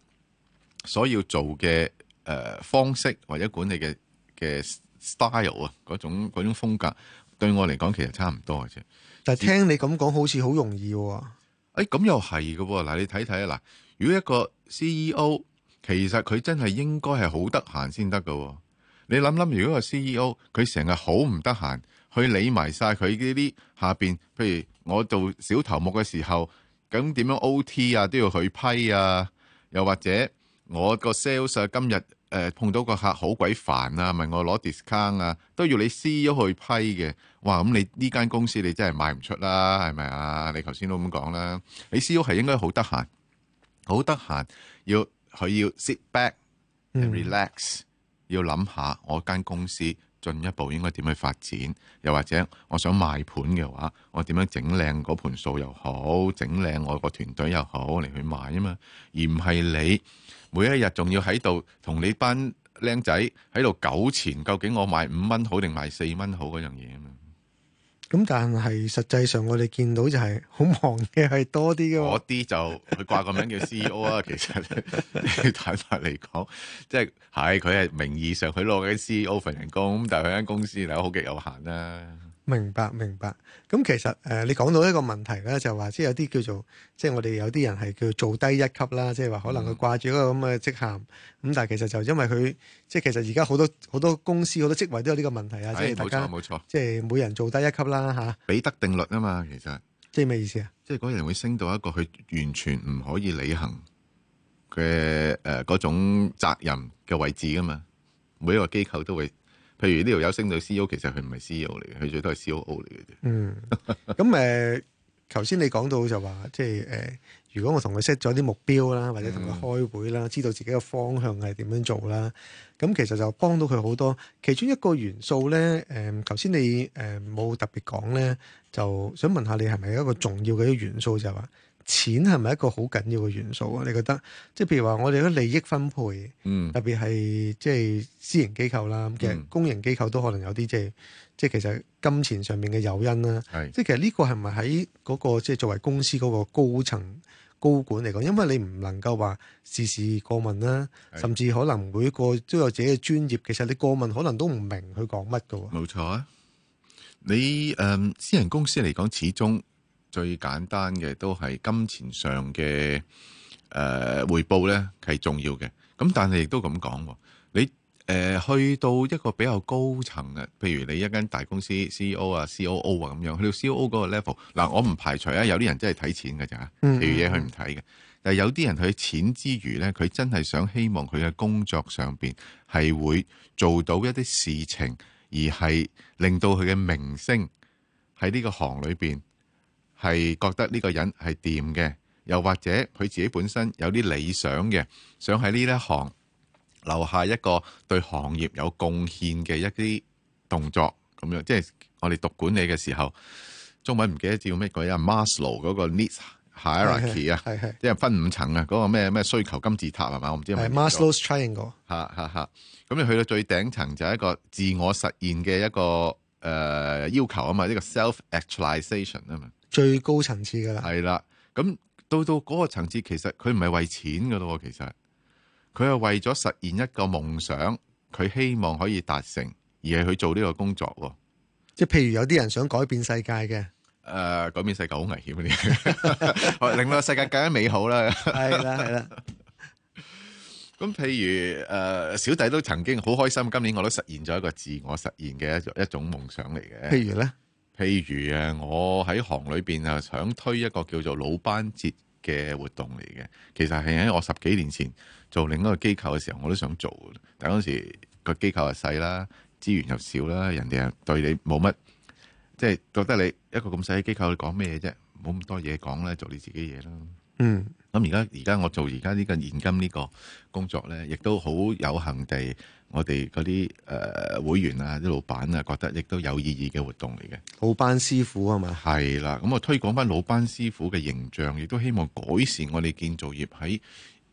所要做嘅誒、呃、方式或者管理嘅嘅 style 啊，嗰種嗰種風格對我嚟講其實差唔多嘅啫。但係聽你咁講，好似好容易喎、啊。誒、欸，咁又係嘅喎。嗱，你睇睇啊，嗱，如果一個 CEO 其實佢真係應該係好得閒先得嘅。你諗諗，如果個 CEO 佢成日好唔得閒去理埋晒佢呢啲下邊，譬如我做小頭目嘅時候，咁點樣 OT 啊都要佢批啊，又或者我個 sales 啊今日誒、呃、碰到個客好鬼煩啊，問我攞 discount 啊，都要你 CEO 去批嘅。哇，咁你呢間公司你真係賣唔出啦，係咪啊？你頭先都咁講啦，你 CEO 係應該好得閒，好得閒要佢要 sit back and relax、嗯。要諗下我間公司進一步應該點去發展，又或者我想賣盤嘅話，我點樣整靚嗰盤數又好，整靚我個團隊又好嚟去賣啊嘛，而唔係你每一日仲要喺度同你班僆仔喺度糾纏，究竟我賣五蚊好定賣四蚊好嗰樣嘢。咁但係實際上我哋見到就係好忙嘅係多啲嘅，嗰 啲就佢掛個名叫 C E O 啊。其實呢， 坦白嚟講，即係係佢係名義上佢攞緊 C E O 份人工，咁但係佢間公司又好極有限啦，啊。明白明白，咁其實誒、呃，你講到一個問題咧，就話即係有啲叫做，即係我哋有啲人係叫做低一級啦，即係話可能佢掛住嗰個咁嘅職銜，咁、嗯、但係其實就因為佢，即係其實而家好多好多公司好多職位都有呢個問題啊，即係冇錯冇錯即係每人做低一級啦嚇。彼得定律啊嘛，其實即係咩意思啊？即係嗰人會升到一個佢完全唔可以履行嘅誒嗰種責任嘅位置噶嘛，每一個機構都會。譬如呢條友升到 CEO，其實佢唔係 CEO 嚟嘅，佢最多係 COO 嚟嘅啫。 嗯，咁誒，頭、呃、先你講到就話，即係誒、呃，如果我同佢 set 咗啲目標啦，或者同佢開會啦，嗯、知道自己嘅方向係點樣做啦，咁其實就幫到佢好多。其中一個元素咧，誒、呃，頭先你誒冇、呃、特別講咧，就想問下你係咪一個重要嘅一個元素就話、是？錢係咪一個好緊要嘅元素啊？嗯、你覺得即係譬如話，我哋嗰利益分配，特別係即係私營機構啦，嗯、其實公營機構都可能有啲即係即係其實金錢上面嘅誘因啦。即係是其實呢個係咪喺嗰個即係、就是、作為公司嗰個高層高管嚟講？因為你唔能夠話事事過問啦，是甚至可能每個都有自己嘅專業，其實你過問可能都唔明佢講乜㗎喎。冇錯啊，你誒、嗯、私人公司嚟講，始終。最簡單嘅都係金錢上嘅誒、呃、回報咧，係重要嘅。咁但係亦都咁講，你誒、呃、去到一個比較高層嘅，譬如你一間大公司 C E O 啊、C O O 啊咁樣去到 C O O 嗰個 level，嗱，我唔排除啊，有啲人真係睇錢㗎咋，譬如嘢佢唔睇嘅，但係有啲人佢錢之餘咧，佢真係想希望佢嘅工作上邊係會做到一啲事情，而係令到佢嘅名聲喺呢個行裏邊。係覺得呢個人係掂嘅，又或者佢自己本身有啲理想嘅，想喺呢一行留下一個對行業有貢獻嘅一啲動作咁樣。即係我哋讀管理嘅時候，中文唔記得叫咩鬼啊，Maslow 嗰個 Needs Hierarchy 啊，即係分五層啊。嗰、那個咩咩需求金字塔係嘛？我唔知有有。係 Maslow's Triangle。嚇嚇嚇，咁你去到最頂層就係一個自我實現嘅一個誒、呃、要求啊嘛，呢個 self actualization 啊嘛。最高層次噶啦，係啦，咁到到嗰個層次，其實佢唔係為錢噶咯，其實佢係為咗實現一個夢想，佢希望可以達成，而係去做呢個工作喎。即係譬如有啲人想改變世界嘅，誒、呃、改變世界好危險嘅， 令到世界更加美好啦。係 啦，係啦。咁 譬如誒、呃，小弟都曾經好開心，今年我都實現咗一個自我實現嘅一一種夢想嚟嘅。譬如咧？譬如啊，我喺行裏邊啊，想推一個叫做老班節嘅活動嚟嘅，其實係喺我十幾年前做另一個機構嘅時候，我都想做嘅，但嗰時個機構又細啦，資源又少啦，人哋又對你冇乜，即係覺得你一個咁細嘅機構你講咩啫？冇咁多嘢講啦，做你自己嘢啦。嗯，咁而家而家我做而家呢個現今呢個工作咧，亦都好有幸地。我哋嗰啲誒會員啊，啲老闆啊，覺得亦都有意義嘅活動嚟嘅。老班師傅啊嘛，係啦，咁、嗯、我推廣翻老班師傅嘅形象，亦都希望改善我哋建造業喺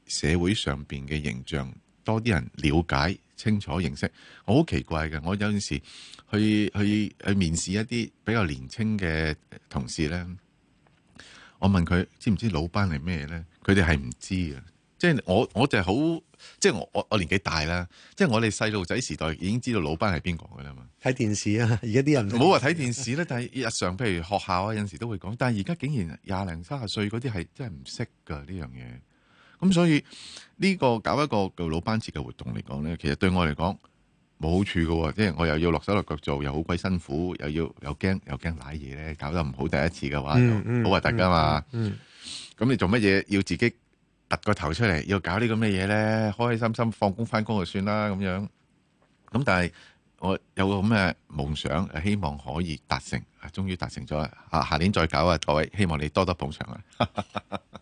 社會上邊嘅形象，多啲人了解清楚認識。我好奇怪嘅，我有陣時去去去，去面試一啲比較年青嘅同事咧，我問佢知唔知老班係咩咧，佢哋係唔知嘅。即係我，我就係好，即係我我我年紀大啦。即係我哋細路仔時代已經知道老班係邊個噶啦嘛。睇電視啊，而家啲人冇話睇電視咧、啊，視啊、 但係日常譬如學校啊，有陣時都會講。但係而家竟然廿零三十歲嗰啲係真係唔識噶呢樣嘢。咁所以呢、這個搞一個叫老班節嘅活動嚟講咧，其實對我嚟講冇好處噶、啊。即係我又要落手落腳做，又好鬼辛苦，又要又驚又驚瀨嘢咧，搞得唔好第一次嘅話，好核突噶嘛。咁、嗯、你做乜嘢要自己？突個頭出嚟，要搞啲咁嘅嘢咧？開開心心放工翻工就算啦，咁樣。咁但係我有個咁嘅夢想，希望可以達成，終於達成咗啦。啊，下年再搞啊，各位，希望你多多捧場啊。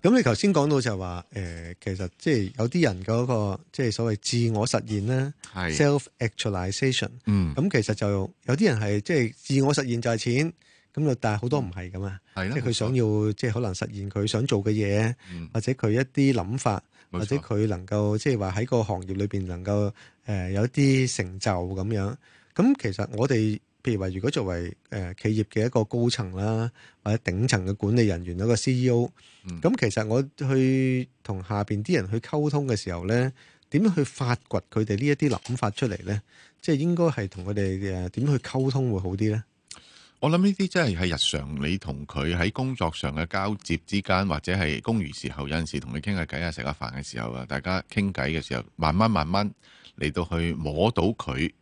咁 你頭先講到就話，誒、呃，其實即係有啲人嗰、那個即係、就是、所謂自我實現咧是，self actualization 嗯。咁其實就有啲人係即係自我實現就係錢。咁啊，但係好多唔係咁啊，的即係佢想要錯即係可能實現佢想做嘅嘢，嗯、或者佢一啲諗法，錯或者佢能夠即係話喺個行業裏邊能夠誒、呃、有一啲成就咁樣。咁、嗯、其實我哋譬如話，如果作為誒、呃、企業嘅一個高層啦，或者頂層嘅管理人員一個 CEO，咁、嗯、其實我去同下邊啲人去溝通嘅時候咧，點去發掘佢哋呢一啲諗法出嚟咧？即、就、係、是、應該係同佢哋誒點去溝通會好啲咧？我諗呢啲真係喺日常，你同佢喺工作上嘅交接之間，或者係工餘時候，有陣時同你傾下偈啊，食下飯嘅時候啊，大家傾偈嘅時候，慢慢慢慢嚟到去摸到佢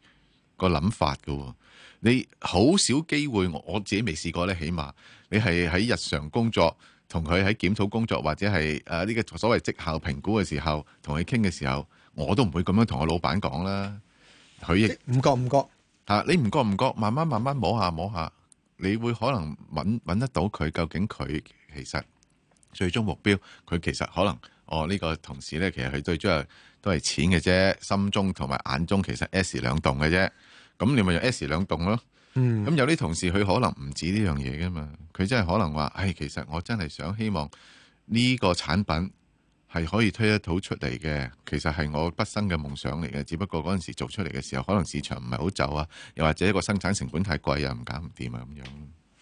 個諗法噶。你好少機會，我自己未試過呢，起碼你係喺日常工作同佢喺檢討工作，或者係誒呢個所謂績效評估嘅時候，同佢傾嘅時候，我都唔會咁樣同我老闆講啦。佢亦唔覺唔覺啊！你唔覺唔覺，慢慢慢慢摸下摸下。你會可能揾揾得到佢，究竟佢其實最終目標，佢其實可能哦呢個同事咧，其實佢最主要都係錢嘅啫，心中同埋眼中其實 S 兩棟嘅啫，咁你咪用 S 兩棟咯。嗯，咁有啲同事佢可能唔止呢樣嘢噶嘛，佢真係可能話，唉，其實我真係想希望呢個產品。係可以推得到出嚟嘅，其實係我畢生嘅夢想嚟嘅，只不過嗰陣時做出嚟嘅時候，可能市場唔係好就啊，又或者個生產成本太貴啊，唔搞唔掂啊咁樣。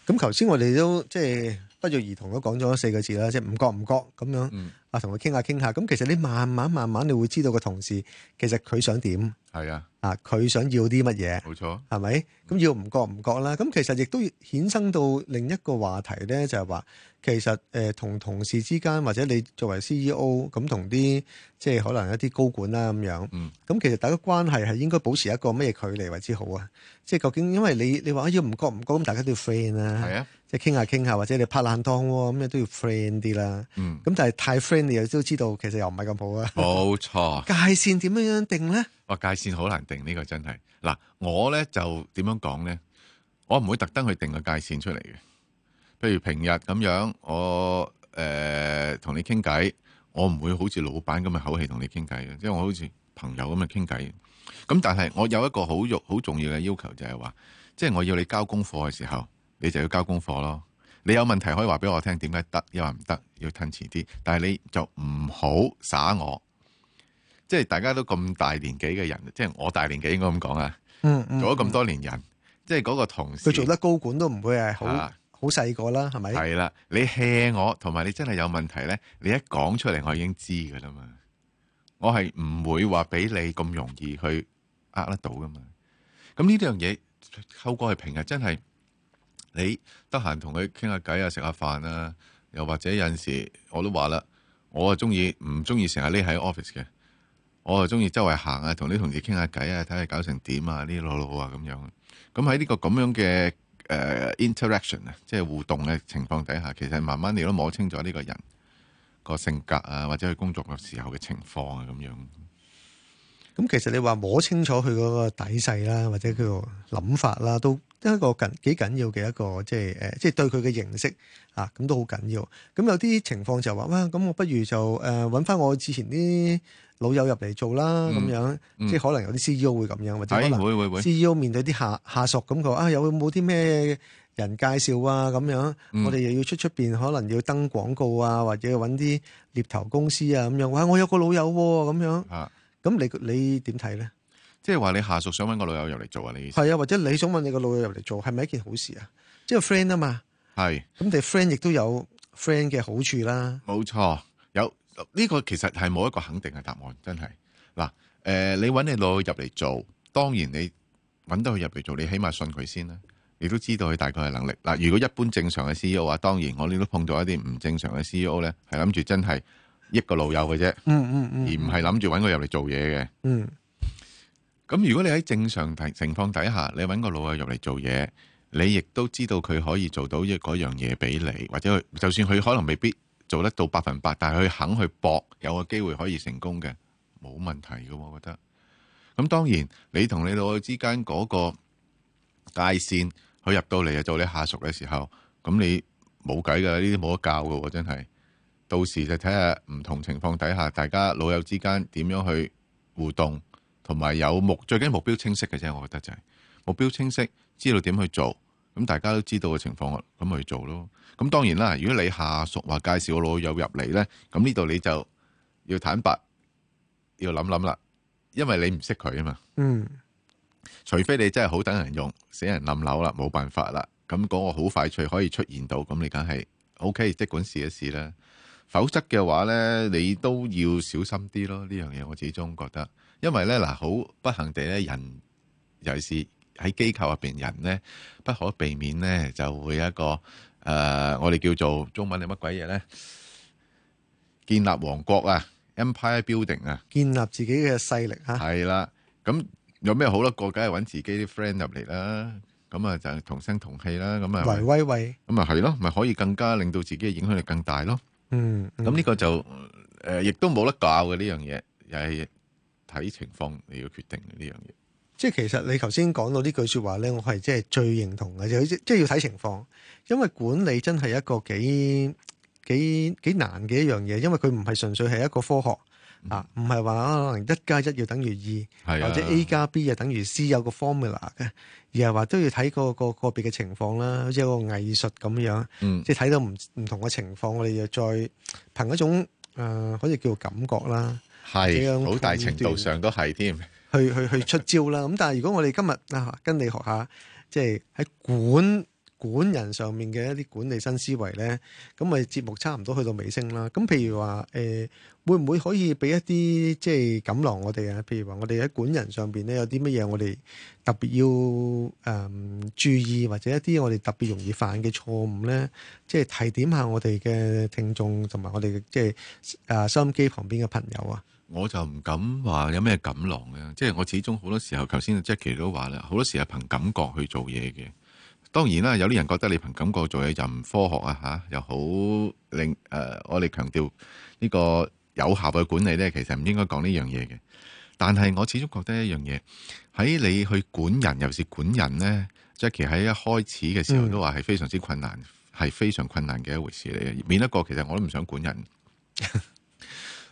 咁頭先我哋都即係不約而同都講咗四個字啦，即係唔覺唔覺咁樣。啊，同佢傾下傾下，咁其實你慢慢慢慢，你會知道個同事其實佢想點，係啊，啊佢想要啲乜嘢，冇錯，係咪？咁要唔覺唔覺啦，咁其實亦都衍生到另一個話題咧，就係話其實誒同同事之間，或者你作為 CEO 咁同啲即係可能一啲高管啦咁樣，咁其實大家關係係應該保持一個咩嘢距離為之好啊？即係究竟因為你你話要唔覺唔覺咁，大家都要 friend 啦，係啊，即係傾下傾下，或者你拍爛湯咁你都要 friend 啲啦，咁但係太 friend。你都知道，其實又唔係咁好啊！冇錯， 界線點樣樣定呢？哇！界線好難定，呢個真係嗱，我呢就點樣講呢？我唔會特登去定個界線出嚟嘅。譬如平日咁樣，我誒同你傾偈，我唔會好似老闆咁嘅口氣同你傾偈嘅，即係我好似朋友咁嘅傾偈。咁但係我有一個好重好重要嘅要求，就係話，即係我要你交功課嘅時候，你就要交功課咯。你有問題可以話俾我聽，點解得？又話唔得？要吞遲啲。但係你就唔好耍我，即係大家都咁大年紀嘅人，即係我大年紀，應該咁講啊。嗯嗯，做咗咁多年人，即係嗰個同事，佢做得高管都唔會係好好細個啦，係咪、啊？係啦，你 hea 我，同埋你真係有問題咧，你一講出嚟，我已經知噶啦嘛。我係唔會話俾你咁容易去呃得到噶嘛。咁呢啲樣嘢後果係平日真係。你得閒同佢傾下偈啊，食下飯啊，又或者有陣時我都話啦，我啊中意唔中意成日匿喺 office 嘅，我啊中意周圍行啊，同啲同事傾下偈啊，睇下搞成點啊，呢啲老佬啊咁樣。咁喺呢個咁樣嘅誒、uh, interaction 啊，即係互動嘅情況底下，其實慢慢你都摸清咗呢個人個性格啊，或者佢工作嘅時候嘅情況啊，咁樣。咁其實你話摸清楚佢嗰個底細啦，或者叫諗法啦，都一個緊幾緊要嘅一個，即係誒，即、呃、係、就是、對佢嘅認識啊，咁都好緊要。咁有啲情況就話哇，咁我不如就誒揾翻我之前啲老友入嚟做啦，咁、嗯、樣即係可能有啲 CEO 會咁樣，或者可能 CEO 面對啲下下屬，咁佢話啊，有冇啲咩人介紹啊？咁樣、嗯、我哋又要出出面，可能要登廣告啊，或者揾啲獵頭公司啊，咁樣。哇，我有個老友喎、啊，咁樣。啊咁你你點睇咧？即係話你下屬想揾個老友入嚟做啊？你意思？係啊，或者你想問你個老友入嚟做係咪一件好事啊？即係 friend 啊嘛，係是。咁你 friend 亦都有 friend 嘅好處啦。冇錯，有呢、這個其實係冇一個肯定嘅答案，真係嗱。誒、呃，你揾你老友入嚟做，當然你揾到佢入嚟做，你起碼信佢先啦。你都知道佢大概嘅能力嗱。如果一般正常嘅 C E O 啊，當然我哋都碰到一啲唔正常嘅 C E O 咧，係諗住真係。一個老友嘅啫，而唔係諗住搵佢入嚟做嘢嘅。咁如果你喺正常情情況底下，你搵個老友入嚟做嘢，你亦都知道佢可以做到一嗰樣嘢俾你，或者就算佢可能未必做得到百分百，但係佢肯去搏有個機會可以成功嘅，冇問題嘅。我覺得咁，當然你同你老友之間嗰個界線，佢入到嚟做你下屬嘅時候，咁你冇計噶，呢啲冇得教嘅，真係。到時就睇下唔同情況底下，大家老友之間點樣去互動，同埋有目最緊目標清晰嘅啫。我覺得就係、是、目標清晰，知道點去做，咁大家都知道嘅情況，咁去做咯。咁當然啦，如果你下屬話介紹個老友入嚟呢，咁呢度你就要坦白要諗諗啦，因為你唔識佢啊嘛。嗯，除非你真係好等人用，死人冧樓啦，冇辦法啦。咁、那、嗰個好快脆可以出現到，咁你梗係 OK，即管試一試啦。否則嘅話咧，你都要小心啲咯。呢樣嘢我始終覺得，因為咧嗱，好不幸地咧，人尤其是喺機構入邊人咧，不可避免咧就會有一個誒，我哋叫做中文係乜鬼嘢咧，建立王國啊，empire building 啊，建立自己嘅勢力吓。係啦，咁有咩好咧？個個梗係揾自己啲 friend 入嚟啦，咁啊就同聲同氣啦，咁啊威威威，咁啊係咯，咪可以更加令到自己嘅影響力更大咯。嗯，咁呢個就誒、呃，亦都冇得搞嘅呢樣嘢，又係睇情況你要決定嘅呢樣嘢。即係其實你頭先講到呢句說話咧，我係即係最認同嘅，就即、是、係要睇情況，因為管理真係一個幾幾幾難嘅一樣嘢，因為佢唔係純粹係一個科學。.嗯、2, 啊，唔係話可能一加一要等於二，或者 A 加 B 就等於 C 有個 formula 嘅，而係話都要睇個個別個別嘅、嗯、情況啦、呃，好似個藝術咁樣，即係睇到唔唔同嘅情況，我哋又再憑一種誒，好似叫做感覺啦，係好是大程度上都係添，去去去出招啦。咁 但係如果我哋今日啊，跟你學下，即係喺管。管人上面嘅一啲管理新思維咧，咁咪節目差唔多去到尾聲啦。咁譬如話，誒、呃、會唔會可以俾一啲即係錦囊我哋啊？譬如話，我哋喺管人上邊咧，有啲乜嘢我哋特別要誒、呃、注意，或者一啲我哋特別容易犯嘅錯誤咧，即係提點下我哋嘅聽眾同埋我哋即係啊收音機旁邊嘅朋友啊？我就唔敢話有咩錦囊嘅，即、就、係、是、我始終好多時候頭先 Jackie 都話啦，好多時係憑感覺去做嘢嘅。當然啦，有啲人覺得你憑感覺做嘢就唔科學啊！吓，又好令誒，我哋強調呢個有效嘅管理呢，其實唔應該講呢樣嘢嘅。但係我始終覺得一樣嘢，喺你去管人，尤其係管人呢 Jackie 喺一開始嘅時候都話係非常之困難，係非常困難嘅、嗯、一回事嚟嘅。免得過，其實我都唔想管人。咁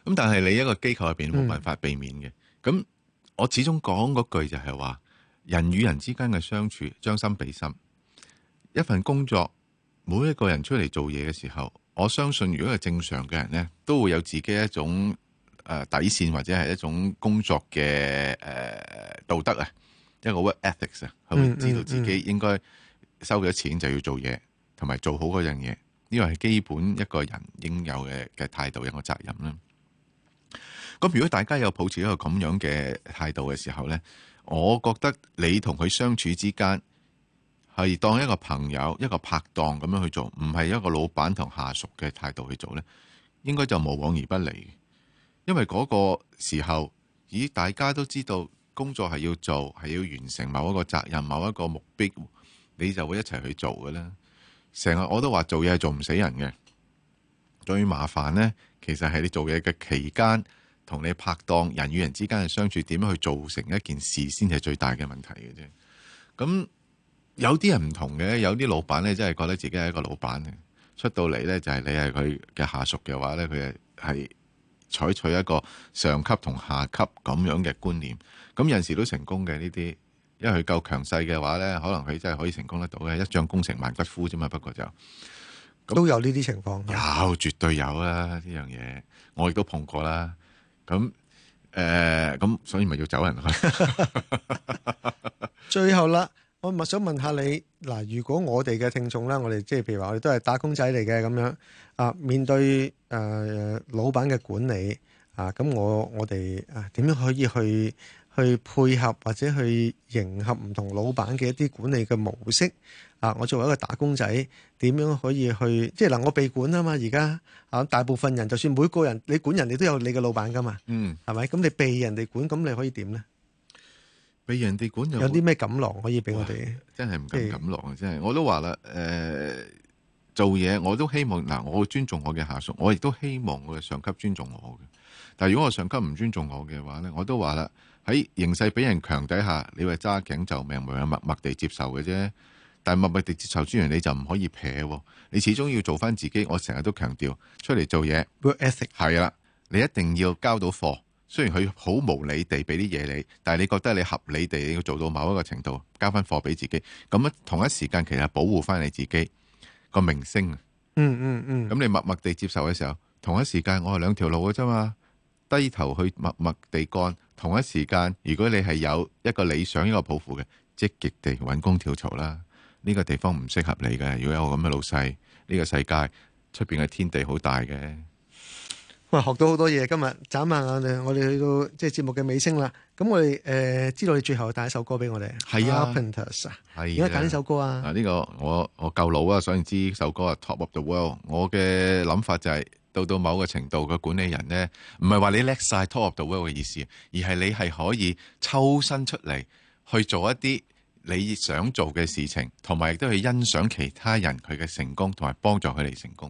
但係你一個機構入邊冇辦法避免嘅。咁、嗯、我始終講嗰句就係話，人與人之間嘅相處，將心比心。一份工作，每一個人出嚟做嘢嘅時候，我相信如果係正常嘅人呢，都會有自己一種誒、呃、底線，或者係一種工作嘅誒、呃、道德啊，一個 work ethics 啊，佢會知道自己應該收幾多錢就要做嘢，同埋、mm, mm, mm. 做好嗰樣嘢，呢個係基本一個人應有嘅嘅態度有一個責任啦。咁如果大家有抱持一個咁樣嘅態度嘅時候呢，我覺得你同佢相處之間。係當一個朋友、一個拍檔咁樣去做，唔係一個老闆同下屬嘅態度去做呢，應該就無往而不利。因為嗰個時候，咦，大家都知道工作係要做，係要完成某一個責任、某一個目標，你就會一齊去做嘅啦。成日我都話做嘢係做唔死人嘅，最麻煩呢，其實係你做嘢嘅期間，同你拍檔人與人之間嘅相處，點樣去做成一件事，先係最大嘅問題嘅啫。咁有啲人唔同嘅，有啲老闆咧，真係覺得自己係一個老闆嘅，出到嚟咧就係你係佢嘅下屬嘅話咧，佢係採取一個上級同下級咁樣嘅觀念。咁有陣時都成功嘅呢啲，因為佢夠強勢嘅話咧，可能佢真係可以成功得到嘅。一將功成萬骨枯啫嘛，不過就都有呢啲情況。有絕對有啦，呢樣嘢我亦都碰過啦。咁誒，咁、呃、所以咪要走人去。最後啦。我咪想問下你嗱，如果我哋嘅聽眾啦，我哋即係譬如話，我哋都係打工仔嚟嘅咁樣啊，面對誒老闆嘅管理啊，咁我我哋啊點樣可以去去配合或者去迎合唔同老闆嘅一啲管理嘅模式啊？我作為一個打工仔，點樣可以去即係嗱？我被管啊嘛，而家啊，大部分人就算每個人你管人，你都有你嘅老闆㗎嘛，嗯，係咪？咁你被人哋管，咁你可以點咧？俾人哋管有啲咩錦囊可以俾我哋？真係唔敢錦囊啊！真係的我都話啦，誒、呃，做嘢我都希望嗱、呃，我尊重我嘅下屬，我亦都希望我嘅上級尊重我嘅。但係如果我上級唔尊重我嘅話咧，我都話啦，喺形勢俾人強底下，你為揸頸就命，唯有默默地接受嘅啫。但係默默地接受之餘，你就唔可以撇，你始終要做翻自己。我成日都強調，出嚟做嘢 work ethic 係啦，你一定要交到貨。雖然佢好無理地俾啲嘢你，但係你覺得你合理地你要做到某一個程度，交翻貨俾自己，咁樣同一時間其實保護翻你自己、個名聲。嗯嗯嗯。咁、嗯嗯、你默默地接受嘅時候，同一時間我係兩條路嘅啫嘛，低頭去默默地幹，同一時間如果你係有一個理想一個抱負嘅，積極地揾工跳槽啦。呢個地方唔適合你嘅。如果有咁嘅老細，呢個世界出邊嘅天地好大嘅。喂，學到好多嘢今日，眨下眼我哋去到即係節目嘅尾聲啦。咁我哋誒、呃、知道你最後帶一首歌俾我哋。係啊，Carpenters，係而家帶呢首歌啊。嗱呢、啊這個我我夠老啊，想知首歌啊 Top of the World。我嘅諗法就係、是、到到某個程度嘅管理人咧，唔係話你叻晒 Top of the World 嘅意思，而係你係可以抽身出嚟去做一啲你想做嘅事情，同埋亦都去欣賞其他人佢嘅成功，同埋幫助佢哋成功。